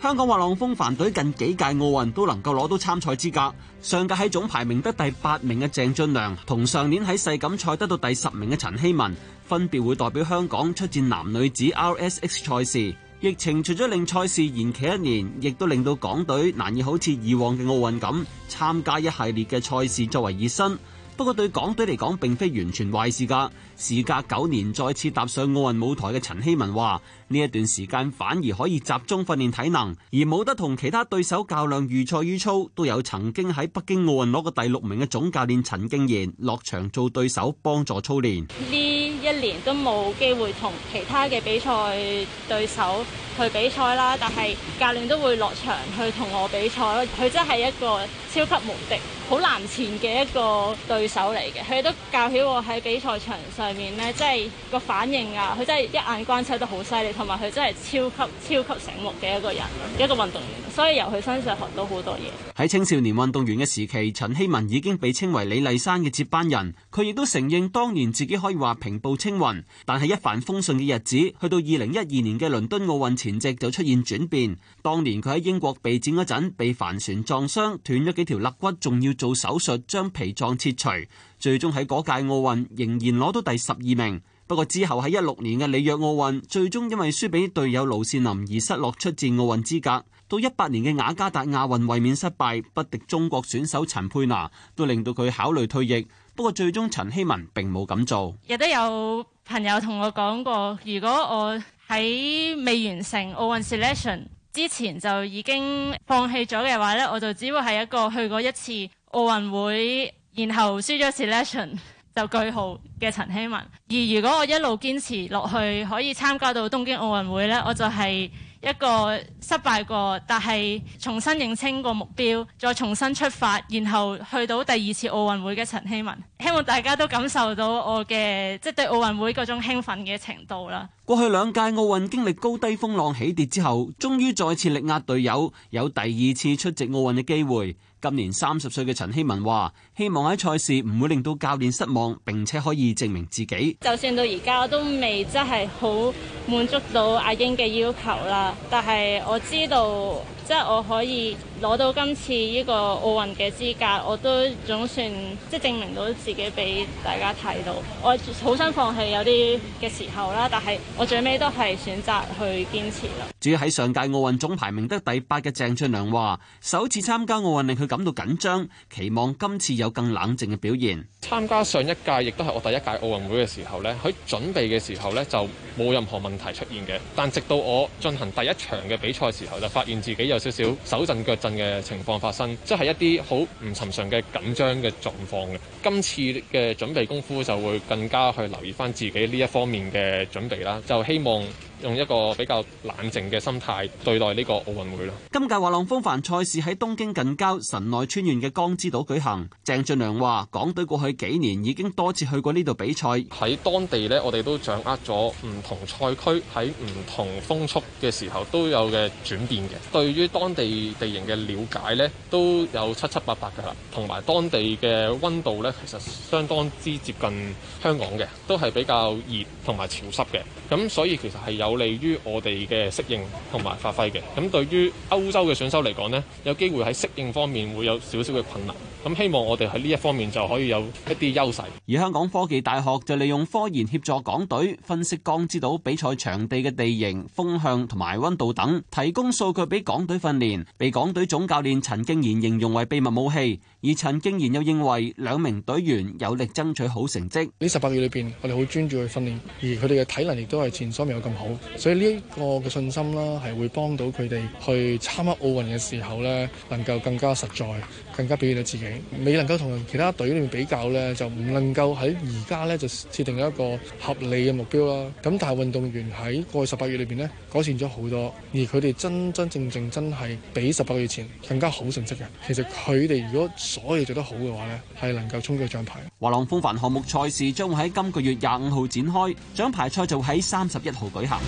香港滑浪風帆隊近幾屆奧運都能夠攞到參賽資格。上屆喺總排名得第八名嘅鄭俊良，同上年喺世錦賽得到第十名嘅陳希文，分別會代表香港出戰男女子 RSX 賽事。疫情除咗令賽事延期一年，亦都令到港隊難以好似以往嘅奧運咁，參加一系列嘅賽事作為熱身。不過對港隊嚟講，並非完全壞事㗎。時隔九年再次踏上奧運舞台嘅陳希文話，呢一段時間反而可以集中訓練體能，而冇得同其他對手較量愈愈。愈賽愈操都有曾經喺北京奧運攞過第六名嘅總教練陳敬賢落場做對手幫助操練。呢一年都冇機會同其他嘅比賽對手去比賽啦，但係教練都會落場去同我比賽。佢真係一個超級無敵。好難纏嘅一個對手嚟嘅，佢都教曉我喺比賽場上面呢。即係個反應啊，佢真係一眼觀察得好犀利，同埋佢真係超級超級醒目嘅一個人，一個運動員，所以由佢身上學到好多嘢。喺青少年運動員嘅時期，陳希文已經被稱為李麗珊嘅接班人，佢亦都承認當年自己可以話平步青雲，但係一帆風順嘅日子，去到二零一二年嘅倫敦奧運前夕就出現轉變。當年佢喺英國備戰嗰陣，被帆船撞傷，斷咗幾條肋骨，仲要，做手術將脾臟切除，最終喺嗰屆奧運仍然攞到第十二名。不過之後喺一六年嘅里約奧運，最終因為輸俾隊友盧善林而失落出戰奧運資格。到一八年嘅雅加達亞運衛冕失敗，不敵中國選手陳佩娜，都令到佢考慮退役。不過最終陳希文並冇咁做。亦都有朋友同我講過，如果我喺未完成奧運 selection 之前就已經放棄咗嘅話呢，我就只會係一個去過一次，奧運會，然後輸咗 selection 就句號嘅陳希文。而如果我一路堅持落去，可以參加到東京奧運會呢，我就係一個失敗過，但係重新認清個目標，再重新出發，然後去到第二次奧運會嘅陳希文。希望大家都感受到我嘅即係對奧運會嗰種興奮嘅程度啦。過去兩屆奧運經歷高低風浪起跌之後，終於再次力壓隊友，有第二次出席奧運嘅機會。今年三十歲嘅陳希文話。希望喺賽事唔會令到教練失望，並且可以證明自己。就算到而家都未真係好滿足到阿英嘅要求啦，但係我知道即係、就是、我可以攞到今次呢個奧運嘅資格，我都總算即係證明到自己俾大家睇到。我好想放棄有啲嘅時候啦，但係我最尾都係選擇去堅持啦。至於喺上屆奧運總排名得第八嘅鄭俊良話，首次參加奧運令佢感到緊張，期望今次有。更冷靜嘅表現。參加上一屆亦都係我第一屆奧運會嘅時候咧，喺準備嘅時候咧就冇任何問題出現嘅。但直到我進行第一場嘅比賽時候，就發現自己有少少手震腳震嘅情況發生，即係一啲好唔尋常嘅緊張嘅狀況嘅。今次嘅準備功夫就會更加去留意翻自己呢一方面嘅準備啦，就希望。用一個比較冷靜嘅心態對待呢個奧運會啦。今屆滑浪風帆賽事喺東京近郊神奈川縣嘅江之島舉行。鄭俊良話：港隊過去幾年已經多次去過呢度比賽。喺當地呢，我哋都掌握咗唔同賽區喺唔同風速嘅時候都有嘅轉變嘅。對於當地地形嘅了解呢，都有七七八八㗎喇。同埋當地嘅溫度呢，其實相當之接近香港嘅，都係比較熱同埋潮濕嘅。咁所以其實係有。有利於我哋嘅適應同埋發揮嘅。咁對於歐洲嘅選手嚟講咧，有機會喺適應方面會有少少嘅困難。咁希望我哋喺呢一方面就可以有一啲優勢。而香港科技大學就利用科研協助港隊分析江之島比賽場地嘅地形、風向同埋溫度等，提供數據俾港隊訓練，被港隊總教練陳敬賢形容為秘密武器。而陳敬賢又認為兩名隊員有力爭取好成績。呢十八個月裏邊，我哋好專注去訓練，而佢哋嘅體能亦都係前所未有咁好。所以呢一個嘅信心啦，係會幫到佢哋去參加奧運嘅時候咧，能夠更加實在。更加表現咗自己，未能夠同其他隊裏面比較呢就唔能夠喺而家呢就設定一個合理嘅目標啦。咁但係運動員喺過去十八月裏邊呢改善咗好多，而佢哋真真正正真係比十八個月前更加好成績嘅。其實佢哋如果所有做得好嘅話呢，係能夠衝擊獎牌。滑浪風帆項目賽事將會喺今個月廿五號展開，獎牌賽就喺三十一號舉行。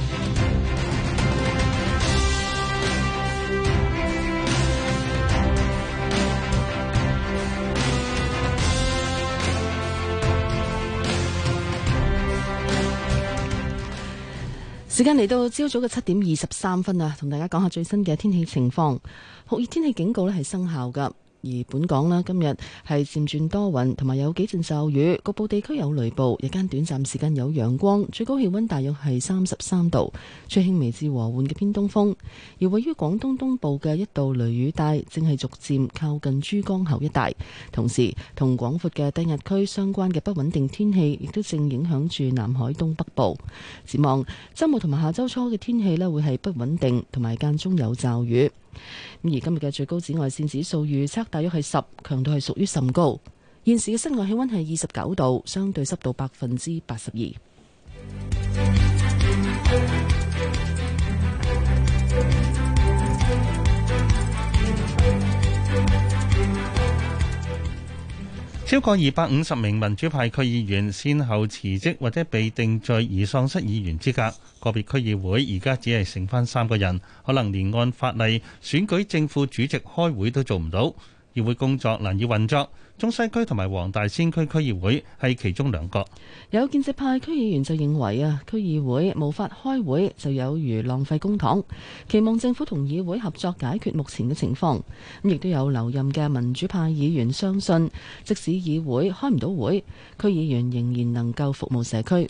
時間嚟到朝早嘅七點二十三分啊。同大家講下最新嘅天氣情況。酷熱天氣警告呢係生效噶。而本港呢今日係漸轉多雲，同埋有，有幾陣驟雨，局部地區有雷暴，日間短暫時間有陽光，最高氣溫大約係三十三度，吹輕微至和緩嘅偏東風。而位於廣東東部嘅一道雷雨帶正係逐漸靠近珠江口一帶，同時同廣闊嘅低壓區相關嘅不穩定天氣亦都正影響住南海東北部。展望週末同埋下週初嘅天氣咧，會係不穩定，同埋間中有驟雨。咁而今日嘅最高紫外線指數預測大約係十，強度係屬於甚高。現時嘅室外氣溫係二十九度，相對濕度百分之八十二。 超過二百五十名民主派區議員先後辭職或者被定罪而喪失議員資格，個別區議會而家只係剩翻三個人，可能連按法例選舉正副主席開會都做唔到，議會工作難以運作。中西區同埋黃大仙區區議會係其中兩個。有建制派區議員就認為啊，區議會無法開會，就有如浪費公帑。期望政府同議會合作解決目前嘅情況。咁亦都有留任嘅民主派議員相信，即使議會開唔到會，區議員仍然能夠服務社區。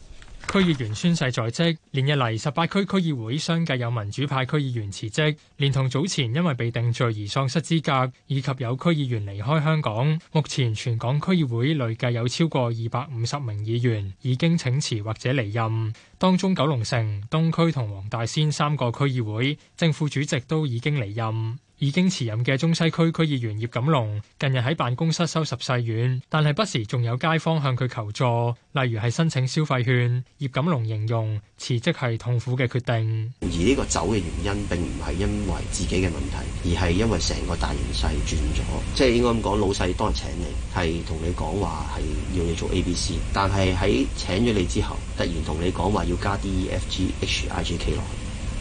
區議員宣誓在即，連日嚟十八區區議會相繼有民主派區議員辭職，連同早前因為被定罪而喪失資格，以及有區議員離開香港。目前全港區議會累計有超過二百五十名議員已經請辭或者離任，當中九龍城、東區同黃大仙三個區議會正副主席都已經離任。已經辭任嘅中西區區議員葉錦龍，近日喺辦公室收拾細軟，但係不時仲有街坊向佢求助，例如係申請消費券。葉錦龍形容辭職係痛苦嘅決定。而呢個走嘅原因，並唔係因為自己嘅問題，而係因為成個大形勢轉咗，即係應該咁講，老細當日請你係同你講話係要你做 A、B、C，但係喺請咗你之後，突然同你講話要加 D、F、G、H、I、g K 咯，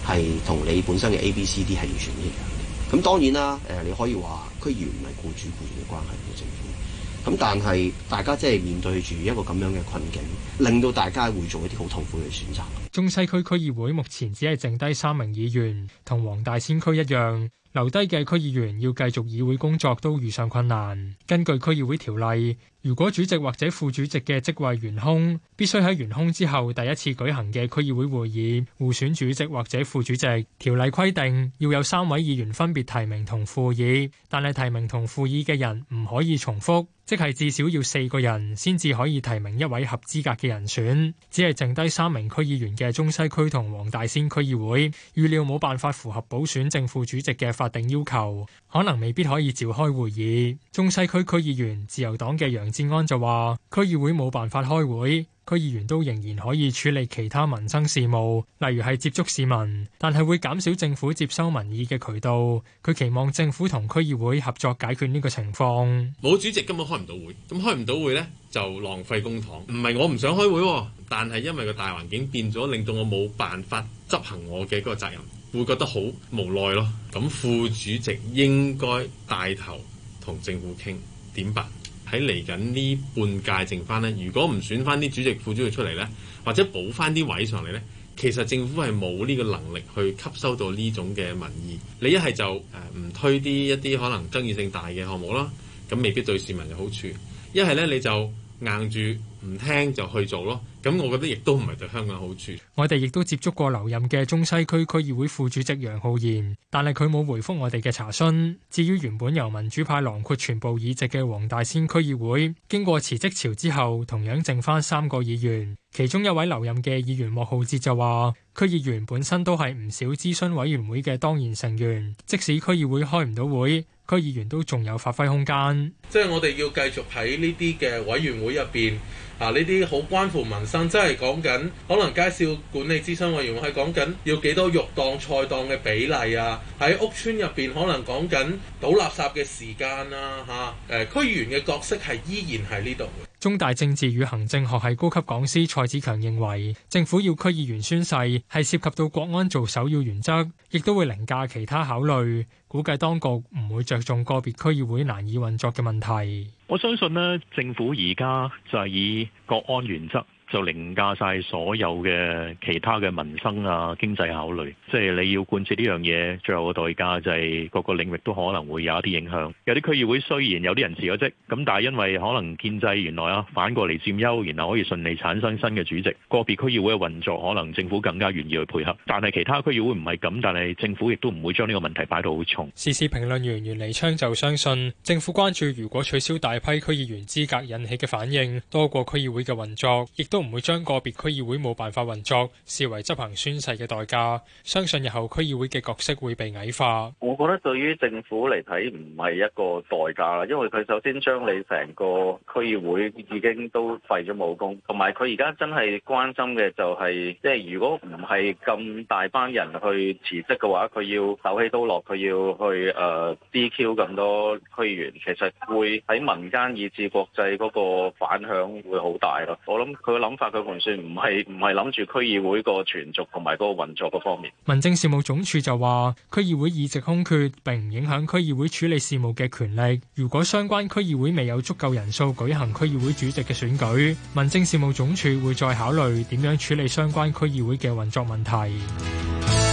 係同你本身嘅 A 越越、B、C、D 係完全唔一樣。咁當然啦，誒你可以話區議員唔係僱主僱員嘅關係同政府，咁但係大家即係面對住一個咁樣嘅困境，令到大家會做一啲好痛苦嘅選擇。中西區區議會目前只係剩低三名議員，同黃大仙區一樣，留低嘅區議員要繼續議會工作都遇上困難。根據區議會條例，如果主席或者副主席嘅職位懸空，必須喺懸空之後第一次舉行嘅區議會會議互選主席或者副主席。條例規定要有三位議員分別提名同附議，但係提名同附議嘅人唔可以重複。即係至少要四個人先至可以提名一位合資格嘅人選，只係剩低三名區議員嘅中西區同黃大仙區議會預料冇辦法符合補選正副主席嘅法定要求，可能未必可以召開會議。中西區區議員自由黨嘅楊志安就話：區議會冇辦法開會。區議員都仍然可以處理其他民生事務，例如係接觸市民，但係會減少政府接收民意嘅渠道。佢期望政府同區議會合作解決呢個情況。冇主席根本開唔到會，咁開唔到會呢，就浪費公帑。唔係我唔想開會，但係因為個大環境變咗，令到我冇辦法執行我嘅個責任，會覺得好無奈咯。咁副主席應該帶頭同政府傾點辦？喺嚟緊呢半屆剩翻呢，如果唔選翻啲主席、副主席出嚟呢，或者補翻啲位上嚟呢，其實政府係冇呢個能力去吸收到呢種嘅民意。你不不一係就誒唔推啲一啲可能爭議性大嘅項目啦，咁未必對市民有好處。一係呢，你就。硬住唔聽就去做咯，咁我覺得亦都唔係對香港好處。我哋亦都接觸過留任嘅中西區區議會副主席楊浩然，但係佢冇回覆我哋嘅查詢。至於原本由民主派囊括全部議席嘅黃大仙區議會，經過辭職潮之後，同樣剩翻三個議員，其中一位留任嘅議員莫浩哲就話：區議員本身都係唔少諮詢委員會嘅當然成員，即使區議會開唔到會。區議員都仲有發揮空間，即係我哋要繼續喺呢啲嘅委員會入邊。嗱，呢啲好關乎民生，真係講緊可能街市管理諮詢委員會係講緊要幾多肉檔菜檔嘅比例啊！喺屋邨入邊可能講緊倒垃圾嘅時間啦、啊，吓誒，區議員嘅角色係依然喺呢度。中大政治與行政學系高級講師蔡子強認為政府要區議員宣誓係涉及到國安做首要原則，亦都會凌駕其他考慮，估計當局唔會着重個別區議會難以運作嘅問題。我相信呢政府而家就係以國安原則。就凌駕晒所有嘅其他嘅民生啊、經濟考慮，即係你要貫徹呢樣嘢，最後嘅代價就係各個領域都可能會有一啲影響，有啲區議會雖然有啲人辭咗職，咁但係因為可能建制原來啊反過嚟佔優，然後可以順利產生新嘅主席。個別區議會嘅運作，可能政府更加願意去配合。但係其他區議會唔係咁，但係政府亦都唔會將呢個問題擺到好重。時事評論員袁彌昌就相信政府關注，如果取消大批區議員資格引起嘅反應，多過區議會嘅運作，亦都。都唔會將個別區議會冇辦法運作視為執行宣誓嘅代價，相信日後區議會嘅角色會被矮化。我覺得對於政府嚟睇唔係一個代價啦，因為佢首先將你成個區議會已經都廢咗武功，同埋佢而家真係關心嘅就係、是，即係如果唔係咁大班人去辭職嘅話，佢要手起刀落，佢要去誒 DQ 咁多區議員，其實會喺民間以至國際嗰個反響會好大咯。我諗佢諗。法，佢盤算唔係，唔係諗住區議會個存續同埋個運作嗰方面。民政事務總署就話，區議會議席空缺並唔影響區議會處理事務嘅權力。如果相關區議會未有足夠人數舉行區議會主席嘅選舉，民政事務總署會再考慮點樣處理相關區議會嘅運作問題。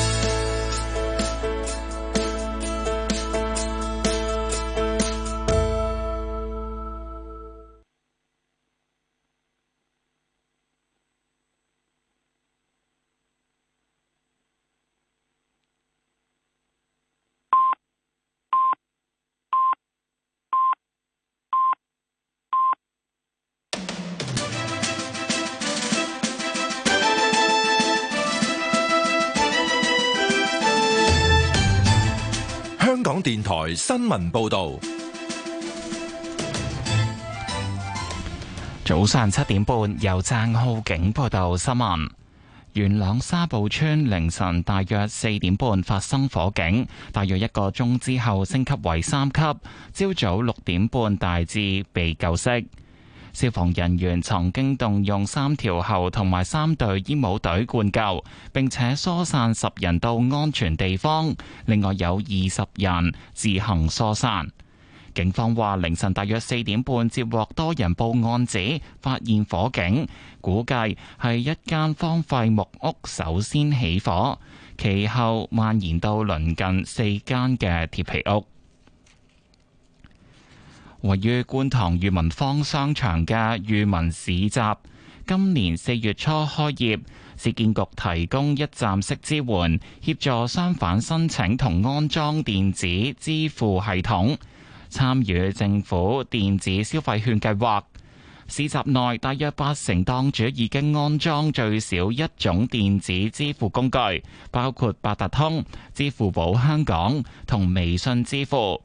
台新聞報道，早上七點半由鄭浩景報道新聞。元朗沙步村凌晨大約四點半發生火警，大約一個鐘之後升級為三級，朝早六點半大致被救熄。消防人員曾經動用三條喉同埋三隊煙霧隊灌救，並且疏散十人到安全地方。另外有二十人自行疏散。警方話凌晨大約四點半接獲多人報案，指發現火警，估計係一間荒廢木屋首先起火，其後蔓延到鄰近四間嘅鐵皮屋。位於觀塘裕民坊商場嘅裕民市集，今年四月初開業，市建局提供一站式支援，協助商販申請同安裝電子支付系統，參與政府電子消費券計劃。市集內大約八成檔主已經安裝最少一種電子支付工具，包括八達通、支付寶香港同微信支付。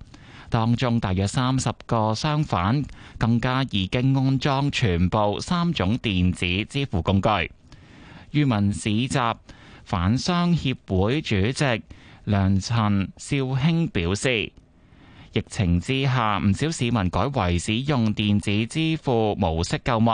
當中大約三十個商販更加已經安裝全部三種電子支付工具。漁民市集反商協會主席梁陳少卿表示。疫情之下，唔少市民改為使用電子支付模式購物，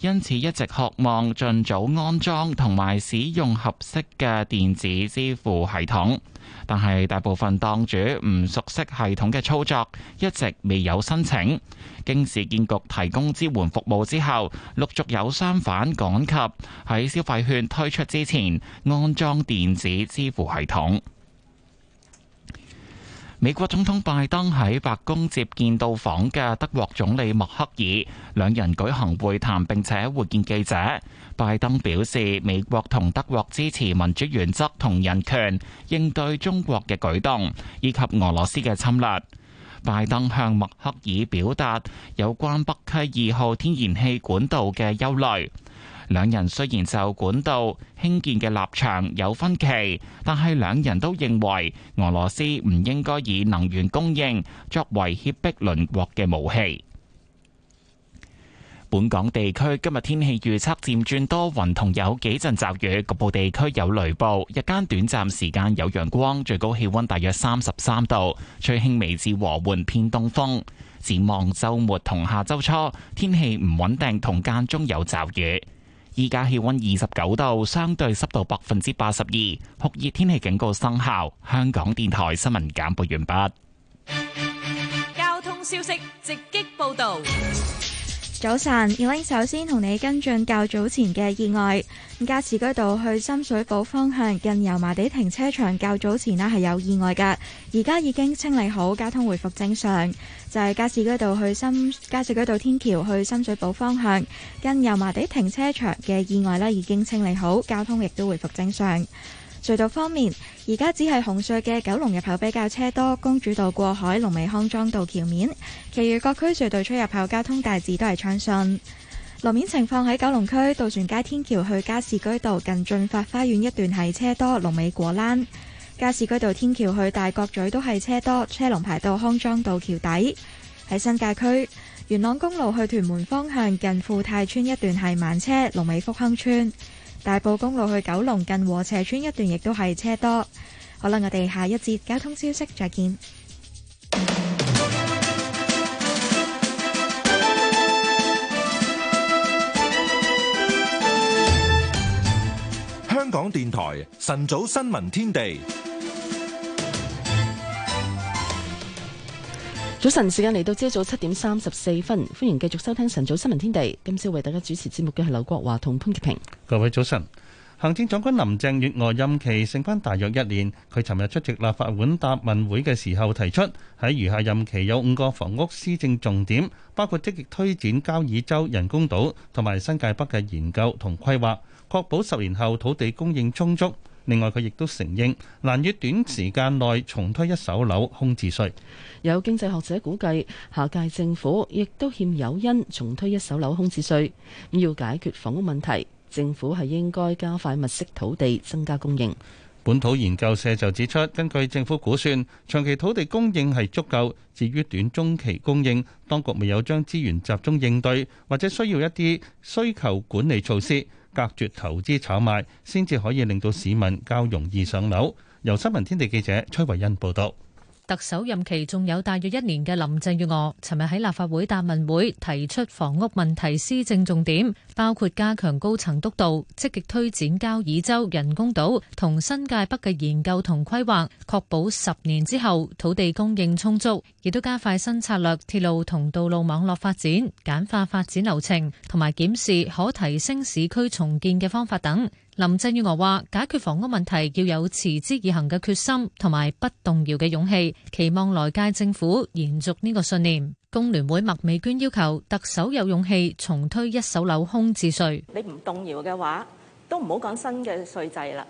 因此一直渴望盡早安裝同埋使用合適嘅電子支付系統。但係大部分檔主唔熟悉系統嘅操作，一直未有申請。經市建局提供支援服務之後，陸續有商販趕及喺消費券推出之前安裝電子支付系統。美國總統拜登喺白宮接見到訪嘅德國總理默克爾，兩人舉行會談並且會見記者。拜登表示，美國同德國支持民主原則同人權，應對中國嘅舉動以及俄羅斯嘅侵略。拜登向默克爾表達有關北溪二號天然氣管道嘅憂慮。兩人雖然就管道興建嘅立場有分歧，但係兩人都認為俄羅斯唔應該以能源供應作為脅迫鄰國嘅武器。本港地區今日天氣預測漸轉多雲，同有幾陣驟雨，局部地區有雷暴，日間短暫時間有陽光，最高氣温大約三十三度，吹輕微至和緩偏東風。展望週末同下週初，天氣唔穩定，同間中有驟雨。依家氣溫二十九度，相對濕度百分之八十二，酷熱天氣警告生效。香港電台新聞簡報完畢。交通消息直擊報道。早晨，要拎首先同你跟進較早前嘅意外，咁加士居道去深水埗方向近油麻地停車場較早前呢係有意外噶，而家已經清理好，交通回復正常。就係加士居道去深加士居道天橋去深水埗方向近油麻地停車場嘅意外呢，已經清理好，交通亦都回復正常。隧道方面，而家只係紅隧嘅九龍入口比較車多，公主道過海、龍尾康莊道道橋面，其餘各區隧道出入口交通大致都係暢順。路面情況喺九龍區，渡船街天橋去加士居道近進發花園一段係車多，龍尾果欄；加士居道天橋去大角咀都係車多，車龍排到康莊道橋底。喺新界區，元朗公路去屯門方向近富泰村一段係慢車，龍尾福亨村。大埔公路去九龍近和斜村一段，亦都係車多。好啦，我哋下一節交通消息再見。香港電台晨早新聞天地。早晨，時間嚟到朝早七點三十四分，歡迎繼續收聽晨早新聞天地。今朝為大家主持節目嘅係劉國華同潘潔平。各位早晨，行政長官林鄭月娥任期剩翻大約一年。佢尋日出席立法會答問會嘅時候，提出喺餘下任期有五個房屋施政重點，包括積極推展交椅洲人工島同埋新界北嘅研究同規劃，確保十年後土地供應充足。另外，佢亦都承認難以短時間內重推一手樓空置稅。有經濟學者估計，下屆政府亦都欠誘因重推一手樓空置稅。咁要解決房屋問題，政府係應該加快物色土地，增加供應。本土研究社就指出，根據政府估算，長期土地供應係足夠。至於短中期供應，當局未有將資源集中應對，或者需要一啲需求管理措施。隔絕投資炒賣，先至可以令到市民較容易上樓。由新聞天地記者崔慧欣報導。特首任期仲有大約一年嘅林鄭月娥，尋日喺立法會答問會提出房屋問題施政重點，包括加強高層督導、積極推展交椅洲人工島同新界北嘅研究同規劃，確保十年之後土地供應充足；亦都加快新策略鐵路同道路網絡發展，簡化發展流程，同埋檢視可提升市區重建嘅方法等。林鄭月娥話：解決房屋問題要有持之以恒嘅決心同埋不動搖嘅勇氣，期望來屆政府延續呢個信念。工聯會麥美娟要求特首有勇氣重推一手樓空置稅。你唔動搖嘅話，都唔好講新嘅稅制啦。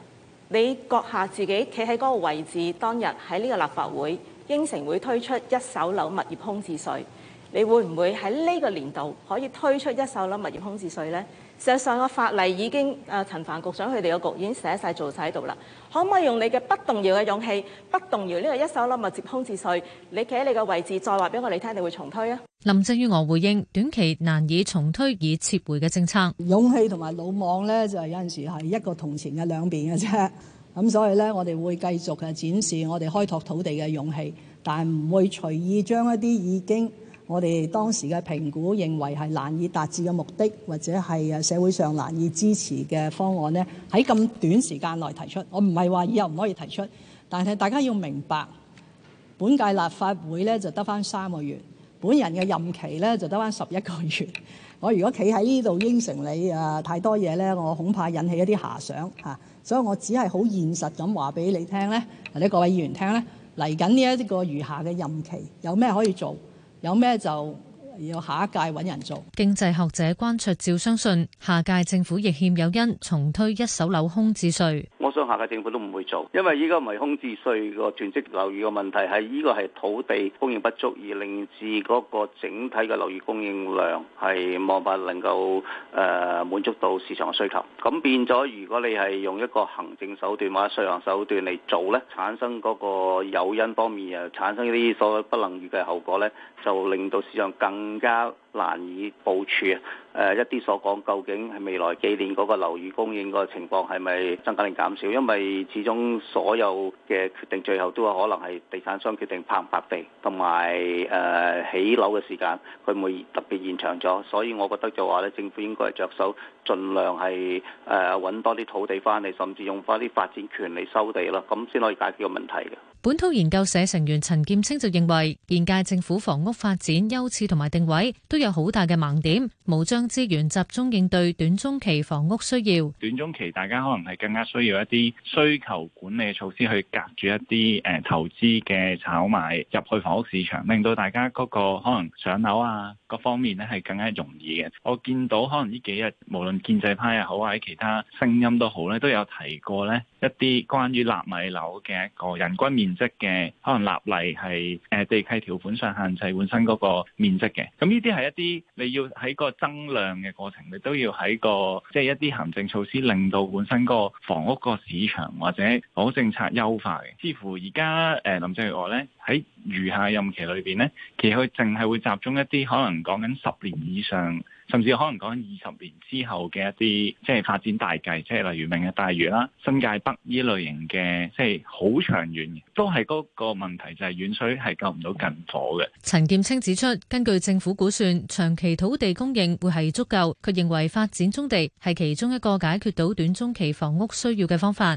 你閣下自己企喺嗰個位置，當日喺呢個立法會應承會推出一手樓物業空置稅，你會唔會喺呢個年度可以推出一手樓物業空置稅呢？事實上個法例已經，誒、呃、陳凡局長佢哋個局已經寫晒做晒喺度啦。可唔可以用你嘅不動搖嘅勇氣，不動搖呢個一手攬物接空置稅？你企喺你個位置再，再話俾我哋聽，你會重推啊？林鄭月娥回應短期難以重推已撤回嘅政策。勇氣同埋魯莽咧，就係有陣時係一個銅錢嘅兩邊嘅啫。咁、嗯、所以咧，我哋會繼續嘅展示我哋開拓土地嘅勇氣，但唔會隨意將一啲已經。我哋當時嘅評估認為係難以達至嘅目的，或者係啊社會上難以支持嘅方案呢，喺咁短時間內提出，我唔係話以後唔可以提出，但係大家要明白，本屆立法會呢就得返三個月，本人嘅任期呢就得返十一個月。我如果企喺呢度應承你啊太多嘢呢，我恐怕引起一啲遐想吓，所以我只係好現實咁話俾你聽呢，或者各位議員聽呢，嚟緊呢一個餘下嘅任期有咩可以做？有咩就要下一屆揾人做。經濟學者關焯照相信，下屆政府亦欠誘因重推一手樓空置稅。我想下屆政府都唔會做，因為依家唔係空置稅、嗰個囤積樓宇嘅問題，係依個係土地供應不足而令至嗰個整體嘅樓宇供應量係冇辦法能夠誒、呃、滿足到市場嘅需求。咁變咗，如果你係用一個行政手段或者稅項手段嚟做呢，產生嗰個誘因方面啊，產生一啲所謂不能預計後果呢，就令到市場更加。難以部署啊！誒、呃、一啲所講，究竟係未來幾年嗰個樓宇供應個情況係咪增加定減少？因為始終所有嘅決定最後都係可能係地產商決定拍唔拍地，同埋誒起樓嘅時間佢唔會特別延長咗。所以我覺得就話咧，政府應該係着手盡量係誒揾多啲土地翻嚟，甚至用翻啲發展權嚟收地咯，咁先可以解決個問題嘅。本土研究社成員陳劍青就認為現屆政府房屋發展優次同埋定位都有好大嘅盲點，冇將資源集中應對短中期房屋需要。短中期大家可能係更加需要一啲需求管理措施去隔住一啲誒投資嘅炒賣，入去房屋市場，令到大家嗰個可能上樓啊各方面咧係更加容易嘅。我見到可能呢幾日無論建制派又好，或者其他聲音都好咧，都有提過咧一啲關於納米樓嘅一個人均面。面積嘅可能立例係誒地契條款上限制本身嗰個面積嘅，咁呢啲係一啲你要喺個增量嘅過程，你都要喺個即係、就是、一啲行政措施令到本身個房屋個市場或者房屋政策優化嘅。似乎而家誒林鄭月娥咧喺餘下任期裏邊咧，其實佢淨係會集中一啲可能講緊十年以上。甚至可能講二十年之後嘅一啲，即係發展大計，即係例如明日大嶼啦、新界北呢類型嘅，即係好長遠，都係嗰個問題就係遠水係救唔到近火嘅。陳劍清指出，根據政府估算，長期土地供應會係足夠，佢認為發展中地係其中一個解決到短中期房屋需要嘅方法。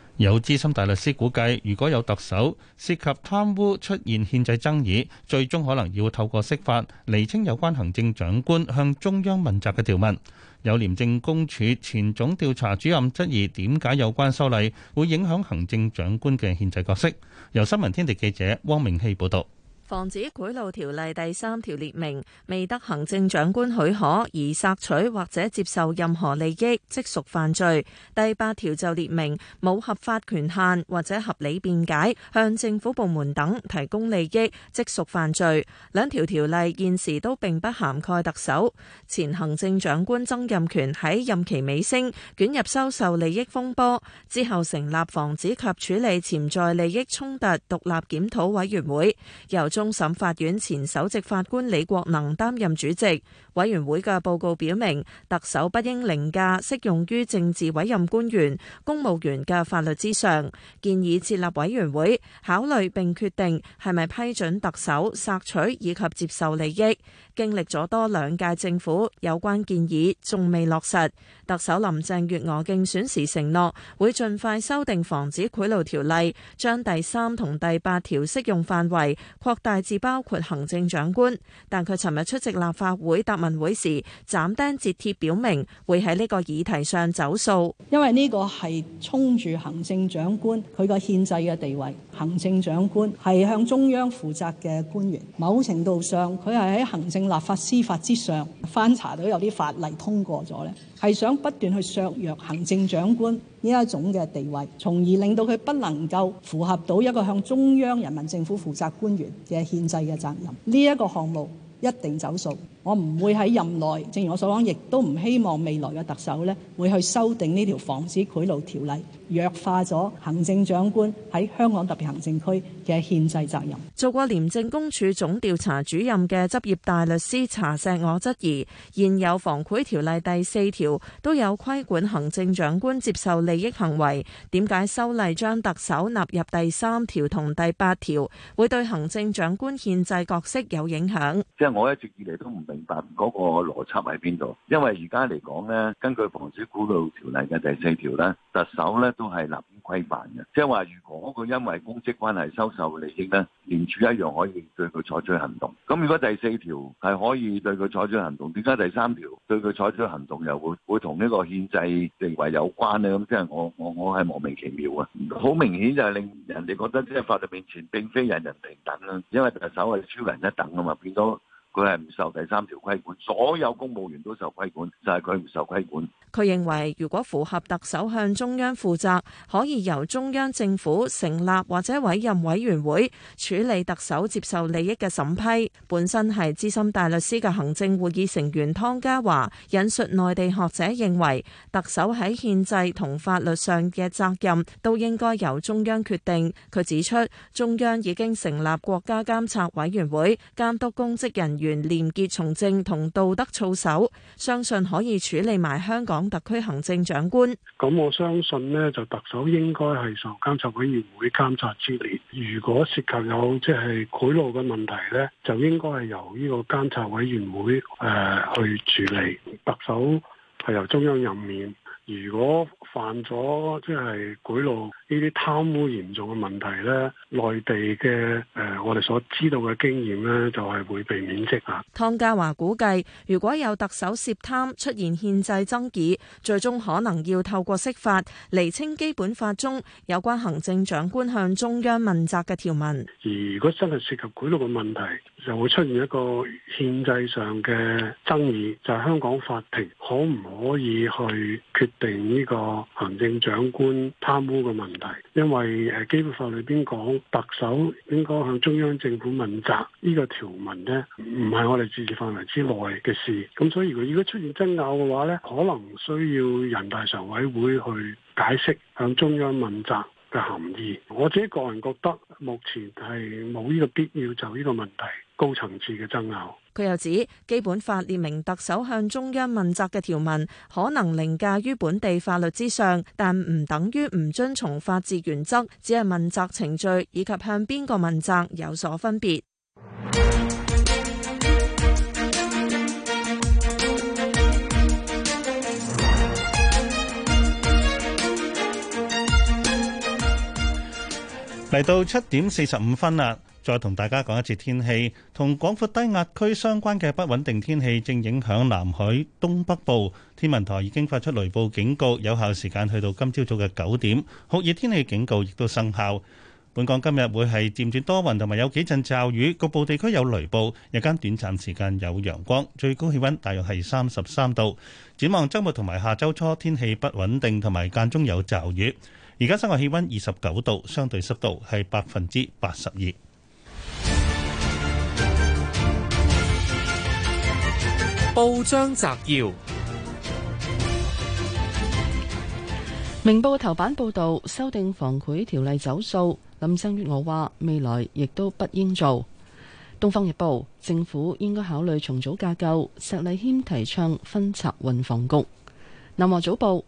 有資深大律師估計，如果有特首涉及貪污出現憲制爭議，最終可能要透過釋法釐清有關行政長官向中央問責嘅條文。有廉政公署前總調查主任質疑，點解有關修例會影響行政長官嘅憲制角色？由新聞天地記者汪明熙報道。防止賄賂條例第三條列明，未得行政長官許可而索取或者接受任何利益，即屬犯罪。第八條就列明，冇合法權限或者合理辯解，向政府部門等提供利益，即屬犯罪。兩條條例現時都並不涵蓋特首。前行政長官曾蔭權喺任期尾聲捲入收受利益風波，之後成立防止及處理潛在利益衝突獨立檢討委員會，由中。終審法院前首席法官李國能擔任主席。委員會嘅報告表明，特首不應凌駕適用於政治委任官員、公務員嘅法律之上，建議設立委員會考慮並決定係咪批准特首索取以及接受利益。經歷咗多兩屆政府，有關建議仲未落實。特首林鄭月娥競選時承諾會盡快修訂防止賄賂條例，將第三同第八條適用範圍擴大至包括行政長官。但佢尋日出席立法會答問會時，斬釘截鐵表明會喺呢個議題上走數，因為呢個係衝住行政長官佢個憲制嘅地位。行政長官係向中央負責嘅官員，某程度上佢係喺行政。立法司法之上，翻查到有啲法例通過咗，呢係想不斷去削弱行政長官呢一種嘅地位，從而令到佢不能夠符合到一個向中央人民政府負責官員嘅憲制嘅責任。呢、這、一個項目一定走數，我唔會喺任內，正如我所講，亦都唔希望未來嘅特首呢會去修訂呢條防止賄賂條例。弱化咗行政長官喺香港特別行政區嘅憲制責任。做過廉政公署總調查主任嘅執業大律師查錫我質疑，現有防賄條例第四條都有規管行政長官接受利益行為，點解修例將特首納入第三條同第八條會對行政長官憲制角色有影響？即係我一直以嚟都唔明白嗰個邏輯喺邊度，因為而家嚟講咧，根據防止賄賂條例嘅第四條咧，特首咧。都係立規範嘅，即係話如果佢因為公職關係收受利益咧，廉署一樣可以對佢採取行動。咁如果第四條係可以對佢採取行動，點解第三條對佢採取行動又會會同呢個憲制定位有關咧？咁即係我我我係莫名其妙啊！好明顯就係令人哋覺得即係法律面前並非人人平等啦，因為特首係超人一等啊嘛，變咗。佢係唔受第三條規管，所有公務員都受規管，就係佢唔受規管。佢認為如果符合特首向中央負責，可以由中央政府成立或者委任委員會處理特首接受利益嘅審批。本身係資深大律師嘅行政會議成員湯家驊引述內地學者認為，特首喺憲制同法律上嘅責任都應該由中央決定。佢指出中央已經成立國家監察委員會監督公職人員。完廉潔從政同道德操守，相信可以處理埋香港特區行政長官。咁我相信呢，就特首應該係受監察委員會監察之列。如果涉及有即係賄賂嘅問題呢，就應該係由呢個監察委員會誒、呃、去處理。特首係由中央任免。如果犯咗即係賄賂呢啲貪污嚴重嘅問題咧，內地嘅誒、呃、我哋所知道嘅經驗咧，就係、是、會被免職啊。湯家驊估計如果有特首涉貪出現憲制爭議，最終可能要透過釋法釐清基本法中有關行政長官向中央問責嘅條文。而如果真係涉及賄賂嘅問題，就會出現一個憲制上嘅爭議，就係、是、香港法庭可唔可以去決定呢個行政長官貪污嘅問題？因為誒基本法裏邊講，特首應該向中央政府問責，呢、這個條文呢唔係我哋自治範圍之內嘅事。咁所以如果出現爭拗嘅話呢，可能需要人大常委會去解釋向中央問責嘅含義。我自己個人覺得，目前係冇呢個必要就呢個問題高層次嘅爭拗。佢又指《基本法》列明特首向中央問責嘅條文，可能凌駕於本地法律之上，但唔等於唔遵從法治原則，只係問責程序以及向邊個問責有所分別。嚟到七點四十五分啦。再同大家講一次天氣，同廣闊低壓區相關嘅不穩定天氣正影響南海東北部。天文台已經發出雷暴警告，有效時間去到今朝早嘅九點。酷熱天氣警告亦都生效。本港今日會係漸轉多雲，同埋有幾陣驟雨，局部地區有雷暴。日間短暫時間有陽光，最高氣溫大約係三十三度。展望週末同埋下週初，天氣不穩定，同埋間中有驟雨。而家室外氣溫二十九度，相對濕度係百分之八十二。報章摘要：明報頭版報道修訂防賄條例走數，林鄭月娥話未來亦都不應做。東方日報政府應該考慮重組架構，石禮謙提倡分拆運房局。南華早報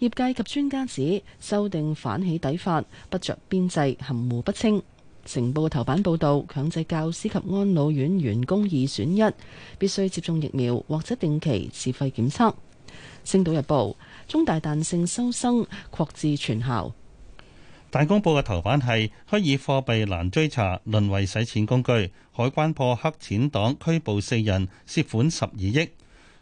業界及專家指修訂反起底法不着邊際，含糊不清。《成報》頭版報道，強制教師及安老院員工二選一，必須接種疫苗或者定期自費檢測。《星島日報》中大彈性收生，擴至全校。《大公報》嘅頭版係虛擬貨幣難追查，淪為洗錢工具。海關破黑錢黨，拘捕四人，涉款十二億。《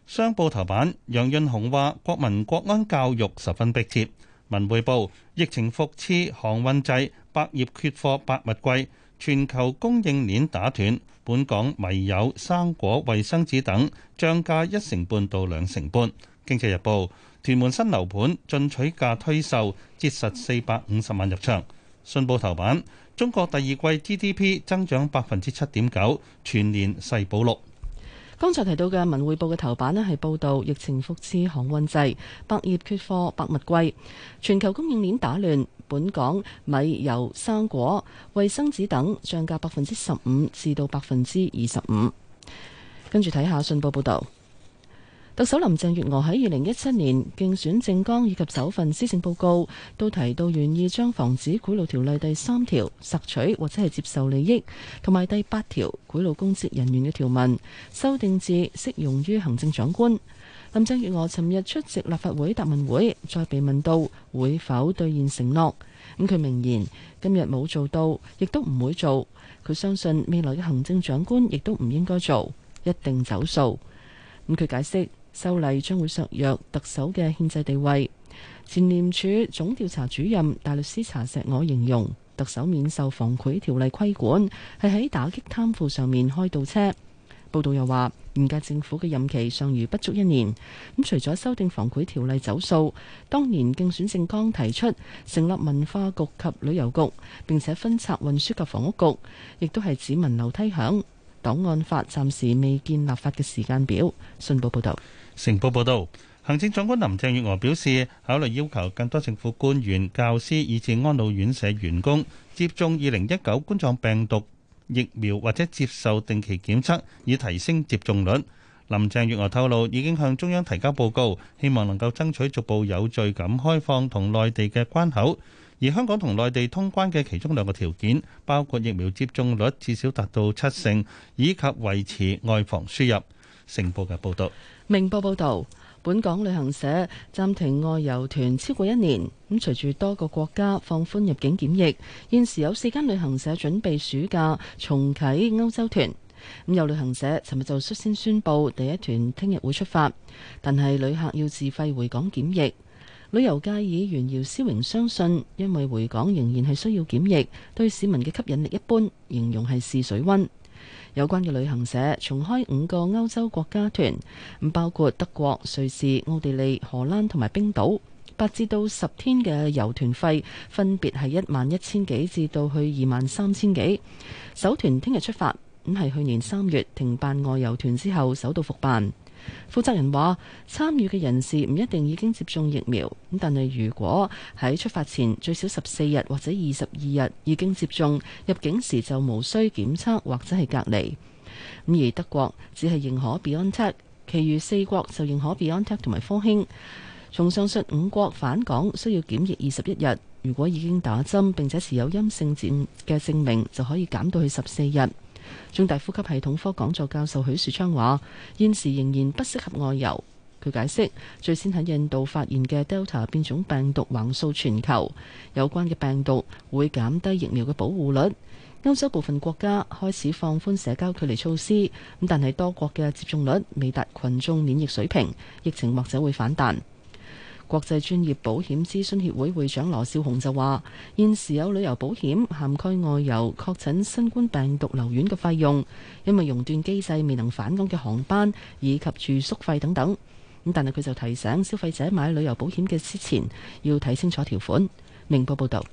商報》頭版，楊潤雄話：國民國安教育十分迫切。文匯報：疫情復熾，航運滯，百業缺貨百物貴，全球供應鏈打斷，本港米油生果、衛生紙等漲價一成半到兩成半。經濟日報：屯門新樓盤進取價推售，節實四百五十萬入場。信報頭版：中國第二季 GDP 增長百分之七點九，全年勢保六。剛才提到嘅文匯報嘅頭版呢，係報道疫情復熾，航運滯，百業缺貨，百物貴，全球供應鏈打亂，本港米、油、生果、衛生紙等漲價百分之十五至到百分之二十五。跟住睇下信報報道。特首林鄭月娥喺二零一七年競選政綱以及首份施政報告都提到，願意將防止賄賂條例第三條索取或者係接受利益，同埋第八條賄賂公職人員嘅條文修訂至適用於行政長官。林鄭月娥尋日出席立法會答問會，再被問到會否兌現承諾，咁佢明言今日冇做到，亦都唔會做。佢相信未來嘅行政長官亦都唔應該做，一定走數。咁佢解釋。修例將會削弱特首嘅憲制地位。前廉署總調查主任大律師查錫我形容，特首免受防賄條例規管係喺打擊貪腐上面開倒車。報道又話，現屆政府嘅任期尚餘不足一年。咁除咗修訂防賄條例走數，當年競選政綱提出成立文化局及旅遊局，並且分拆運輸及房屋局，亦都係只聞樓梯響。檔案法暫時未見立法嘅時間表。信報報道。成報報導，行政長官林鄭月娥表示，考慮要求更多政府官員、教師以至安老院舍員工接種二零一九冠狀病毒疫苗，或者接受定期檢測，以提升接種率。林鄭月娥透露，已經向中央提交報告，希望能夠爭取逐步有序咁開放同內地嘅關口。而香港同內地通關嘅其中兩個條件，包括疫苗接種率至少達到七成，以及維持外防輸入。成報嘅報導。明報報道，本港旅行社暫停外遊團超過一年，咁隨住多個國家放寬入境檢疫，現時有四間旅行社準備暑假重啟歐洲團。咁有旅行社尋日就率先宣布第一團聽日會出發，但係旅客要自費回港檢疫。旅遊界議員姚思榮相信，因為回港仍然係需要檢疫，對市民嘅吸引力一般，形容係試水溫。有關嘅旅行社重開五個歐洲國家團，包括德國、瑞士、奧地利、荷蘭同埋冰島，八至到十天嘅遊團費分別係一萬一千幾至到去二萬三千幾。首團聽日出發，咁係去年三月停辦外遊團之後首度復辦。負責人話：參與嘅人士唔一定已經接種疫苗，咁但係如果喺出發前最少十四日或者二十二日已經接種，入境時就無需檢測或者係隔離。咁而德國只係認可 BioNTech，其餘四國就認可 BioNTech 同埋科興。從上述五國返港需要檢疫二十一日，如果已經打針並且持有陰性證嘅證明，就可以減到去十四日。中大呼吸系統科講座教授許樹昌話：現時仍然不適合外遊。佢解釋，最先喺印度發現嘅 Delta 變種病毒橫掃全球，有關嘅病毒會減低疫苗嘅保護率。歐洲部分國家開始放寬社交距離措施，咁但係多國嘅接種率未達群眾免疫水平，疫情或者會反彈。國際專業保險諮詢協會會長羅少雄就話：現時有旅遊保險涵蓋外遊確診新冠病毒留院嘅費用，因為熔斷機制未能返港嘅航班以及住宿費等等。咁但係佢就提醒消費者買旅遊保險嘅之前要睇清楚條款。明報報道，《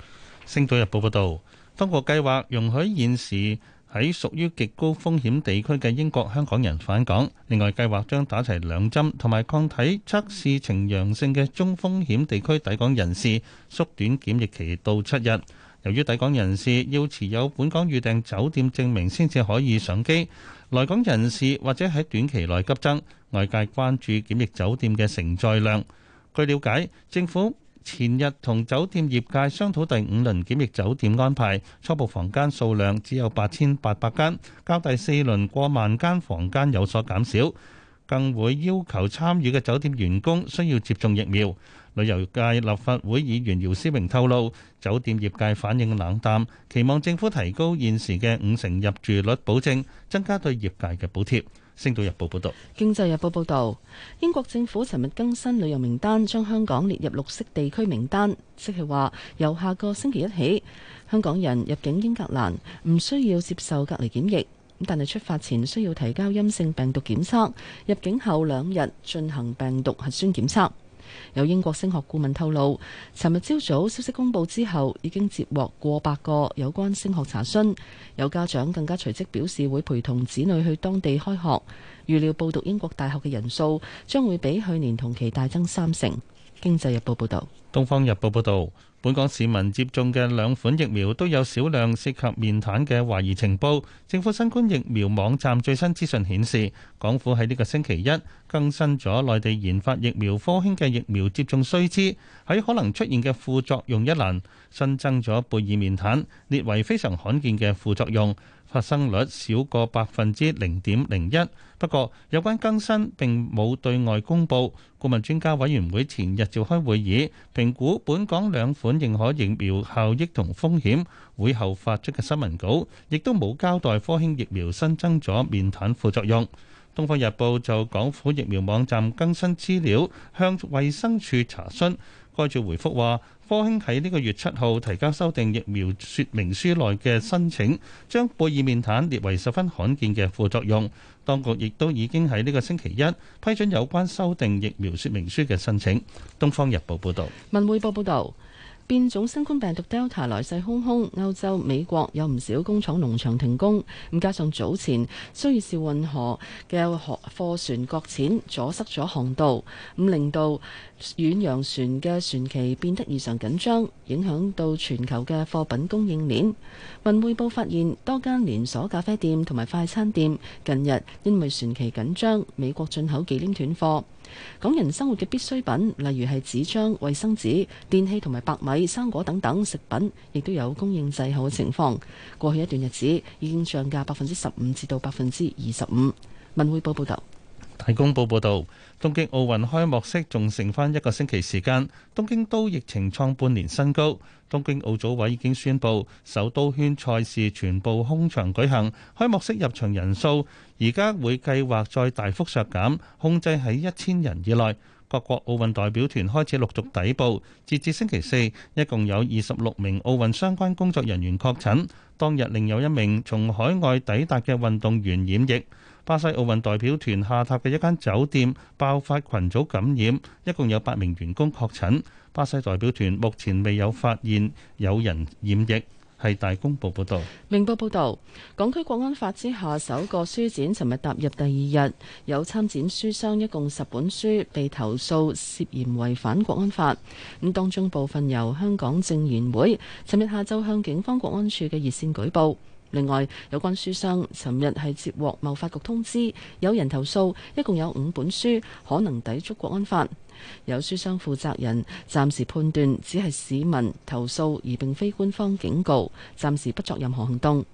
星島日報》報道，當局計劃容許現時。喺屬於極高風險地區嘅英國，香港人返港。另外，計劃將打齊兩針同埋抗體測試呈陽性嘅中風險地區抵港人士縮短檢疫期到七日。由於抵港人士要持有本港預訂酒店證明先至可以上機，來港人士或者喺短期內急增，外界關注檢疫酒店嘅承載量。據了解，政府，前日同酒店業界商討第五輪檢疫酒店安排，初步房間數量只有八千八百間，較第四輪過萬間房間有所減少。更會要求參與嘅酒店員工需要接種疫苗。旅遊界立法會議員姚思榮透露，酒店業界反應冷淡，期望政府提高現時嘅五成入住率保證，增加對業界嘅補貼。星島日報報道，經濟日報報道，英國政府尋日更新旅遊名單，將香港列入綠色地區名單，即係話由下個星期一起，香港人入境英格蘭唔需要接受隔離檢疫，但係出發前需要提交陰性病毒檢測，入境後兩日進行病毒核酸檢測。有英國升學顧問透露，尋日朝早消息公布之後，已經接獲過百個有關升學查詢，有家長更加隨即表示會陪同子女去當地開學。預料報讀英國大學嘅人數將會比去年同期大增三成。經濟日報報道。東方日報報道。本港市民接種嘅兩款疫苗都有少量涉及面癱嘅懷疑情報。政府新冠疫苗網站最新資訊顯示，港府喺呢個星期一更新咗內地研發疫苗科興嘅疫苗接種須知，喺可能出現嘅副作用一欄新增咗貝爾面癱，列為非常罕見嘅副作用。發生率少過百分之零點零一，不過有關更新並冇對外公佈。顧問專家委員會前日召開會議，評估本港兩款認可疫苗效益同風險。會後發出嘅新聞稿亦都冇交代科興疫苗新增咗面癱副作用。《東方日報》就港府疫苗網站更新資料向衛生署查詢，該處回覆話。科興喺呢個月七號提交修訂疫苗說明書內嘅申請，將貝爾面癱列為十分罕見嘅副作用。當局亦都已經喺呢個星期一批准有關修訂疫苗說明書嘅申請。《東方日報》報道。《文匯報》報道。變種新冠病毒 Delta 來勢洶洶，歐洲、美國有唔少工廠、農場停工。咁加上早前蘇厄斯蘇伊士運河嘅貨船擱淺，阻塞咗航道，咁令到遠洋船嘅船期變得異常緊張，影響到全球嘅貨品供應鏈。《文匯報》發現多間連鎖咖啡店同埋快餐店近日因為船期緊張，美國進口忌廉斷貨。港人生活嘅必需品，例如係紙張、衛生紙、電器同埋白米、生果等等食品，亦都有供應滯後嘅情況，過去一段日子已經漲價百分之十五至到百分之二十五。文匯報報道。大公報報導，東京奧運開幕式仲剩翻一個星期時間，東京都疫情創半年新高。東京奧組委已經宣布，首都圈賽事全部空場舉行，開幕式入場人數而家會計劃再大幅削減，控制喺一千人以內。各國奧運代表團開始陸續抵埗。截至星期四，一共有二十六名奧運相關工作人員確診，當日另有一名從海外抵達嘅運動員染疫。巴西奧運代表團下榻嘅一間酒店爆發群組感染，一共有八名員工確診。巴西代表團目前未有發現有人染疫。係大公報報導，明報報導，港區國安法之下首個書展，尋日踏入第二日，有參展書商一共十本書被投訴涉嫌違反國安法，咁當中部分由香港政研會尋日下晝向警方國安處嘅熱線舉報。另外，有關書商尋日係接獲貿發局通知，有人投訴，一共有五本書可能抵觸國安法。有書商負責人暫時判斷，只係市民投訴，而並非官方警告，暫時不作任何行動。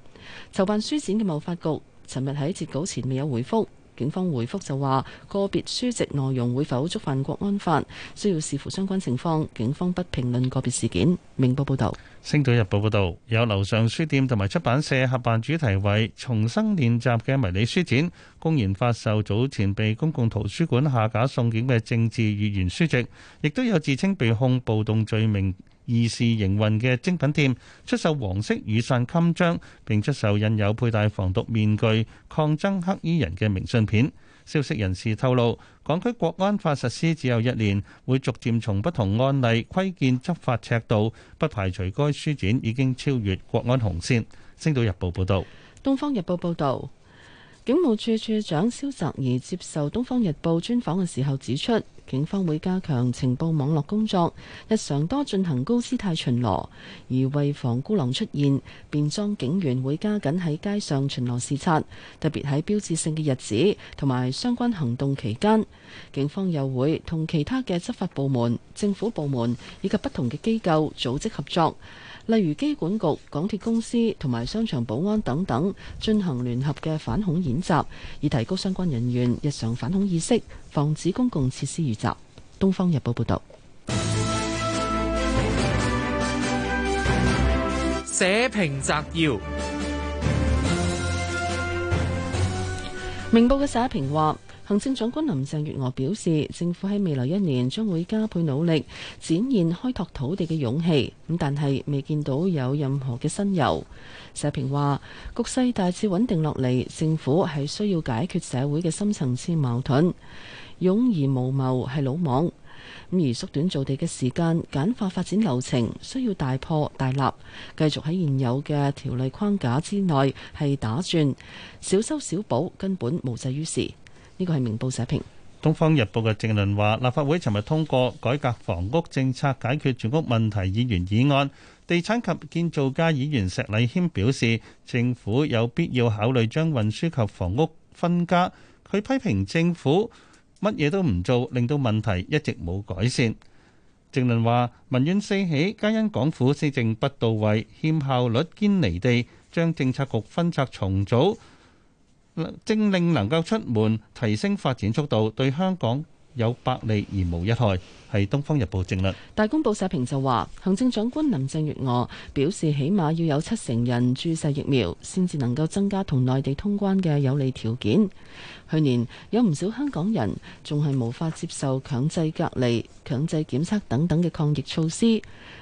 籌辦書展嘅貿發局尋日喺截稿前未有回覆。警方回覆就話，個別書籍內容會否觸犯國安法，需要視乎相關情況，警方不評論個別事件。明報報導。星島日報報道，有樓上書店同埋出版社合辦主題為《重生練習》嘅迷你書展，公然發售早前被公共圖書館下架送檢嘅政治語言書籍，亦都有自稱被控暴動罪名、疑是營運嘅精品店，出售黃色雨傘襟章，並出售印有佩戴防毒面具抗爭黑衣人嘅明信片。消息人士透露，港區國安法實施只有一年，會逐漸從不同案例窺見執法尺度，不排除該書展已經超越國安紅線。星島日報報道。東方日報報導。警務處處長蕭澤頤接受《東方日報》專訪嘅時候指出，警方會加強情報網絡工作，日常多進行高姿態巡邏，而為防孤狼出現，便裝警員會加緊喺街上巡邏視察，特別喺標誌性嘅日子同埋相關行動期間，警方又會同其他嘅執法部門、政府部門以及不同嘅機構組織合作。例如機管局、港鐵公司同埋商場保安等等，進行聯合嘅反恐演習，以提高相關人員日常反恐意識，防止公共設施遇襲。東方日報報道。社評摘要：明報嘅社評話。行政長官林鄭月娥表示，政府喺未來一年將會加倍努力，展現開拓土地嘅勇氣。咁但係未見到有任何嘅新猷。社評話，局勢大致穩定落嚟，政府係需要解決社會嘅深層次矛盾。勇而無謀係魯莽。咁而縮短造地嘅時間，簡化發展流程，需要大破大立，繼續喺現有嘅條例框架之內係打轉。小修小補根本無濟於事。呢個係《明報》社評，《東方日報》嘅正論話，立法會尋日通過改革房屋政策解決住屋問題議員議案。地產及建造界議員石禮謙表示，政府有必要考慮將運輸及房屋分家。佢批評政府乜嘢都唔做，令到問題一直冇改善。正論話，民怨四起，皆因港府施政不到位，欠效率，堅離地將政策局分拆重組。政令能夠出門，提升發展速度，對香港有百利而無一害。係《東方日報》政律大公報社評就話，行政長官林鄭月娥表示，起碼要有七成人注射疫苗，先至能夠增加同內地通關嘅有利條件。去年有唔少香港人仲係無法接受強制隔離、強制檢測等等嘅抗疫措施，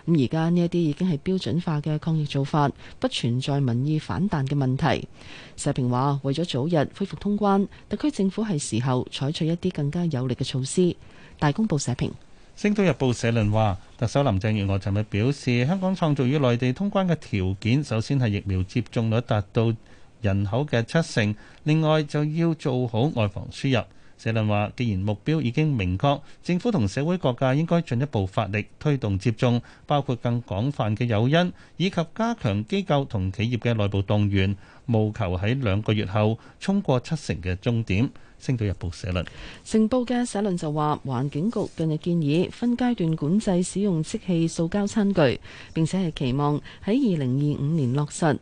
咁而家呢一啲已經係標準化嘅抗疫做法，不存在民意反彈嘅問題。社評話，為咗早日恢復通關，特區政府係時候採取一啲更加有力嘅措施。大公報社評，《星島日報》社論話：特首林鄭月娥尋日表示，香港創造與內地通關嘅條件，首先係疫苗接種率達到人口嘅七成，另外就要做好外防輸入。社論話，既然目標已經明確，政府同社會各界應該進一步發力推動接種，包括更廣泛嘅誘因，以及加強機構同企業嘅內部動員，務求喺兩個月後衝過七成嘅終點。《星島日報》社論，成報嘅社論就話，環境局近日建議分階段管制使用即棄塑膠餐具，並且係期望喺二零二五年落實。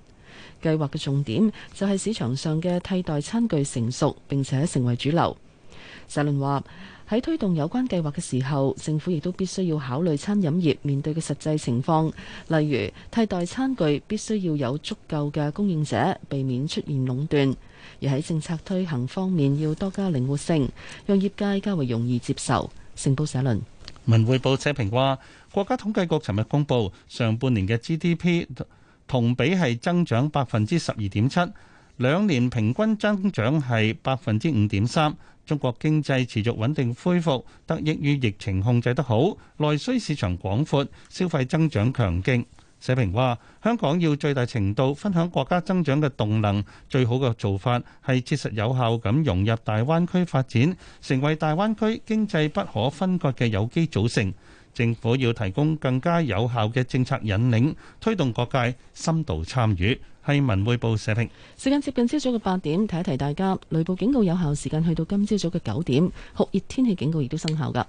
計劃嘅重點就係市場上嘅替代餐具成熟並且成為主流。社論話，喺推動有關計劃嘅時候，政府亦都必須要考慮餐飲業面對嘅實際情況，例如替代餐具必須要有足夠嘅供應者，避免出現壟斷。而喺政策推行方面，要多加靈活性，讓業界較為容易接受。成報社論，文匯報社評話，國家統計局尋日公布上半年嘅 GDP 同比係增長百分之十二點七，兩年平均增長係百分之五點三。中國經濟持續穩定恢復，得益於疫情控制得好，內需市場廣闊，消費增長強勁。社評話：香港要最大程度分享國家增長嘅動能，最好嘅做法係切實有效咁融入大灣區發展，成為大灣區經濟不可分割嘅有機組成。政府要提供更加有效嘅政策引領，推動各界深度參與。係文匯報社評。時間接近朝早嘅八點，提一提大家，雷暴警告有效時間去到今朝早嘅九點，酷熱天氣警告亦都生效噶。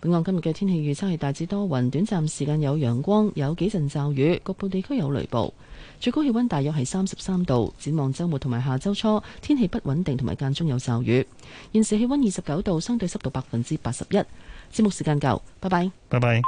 本港今日嘅天氣預測係大致多雲，短暫時間有陽光，有幾陣驟雨，局部地區有雷暴。最高氣溫大約係三十三度。展望周末同埋下周初，天氣不穩定同埋間中有驟雨。現時氣溫二十九度，相對濕度百分之八十一。節目時間夠，拜拜。拜拜。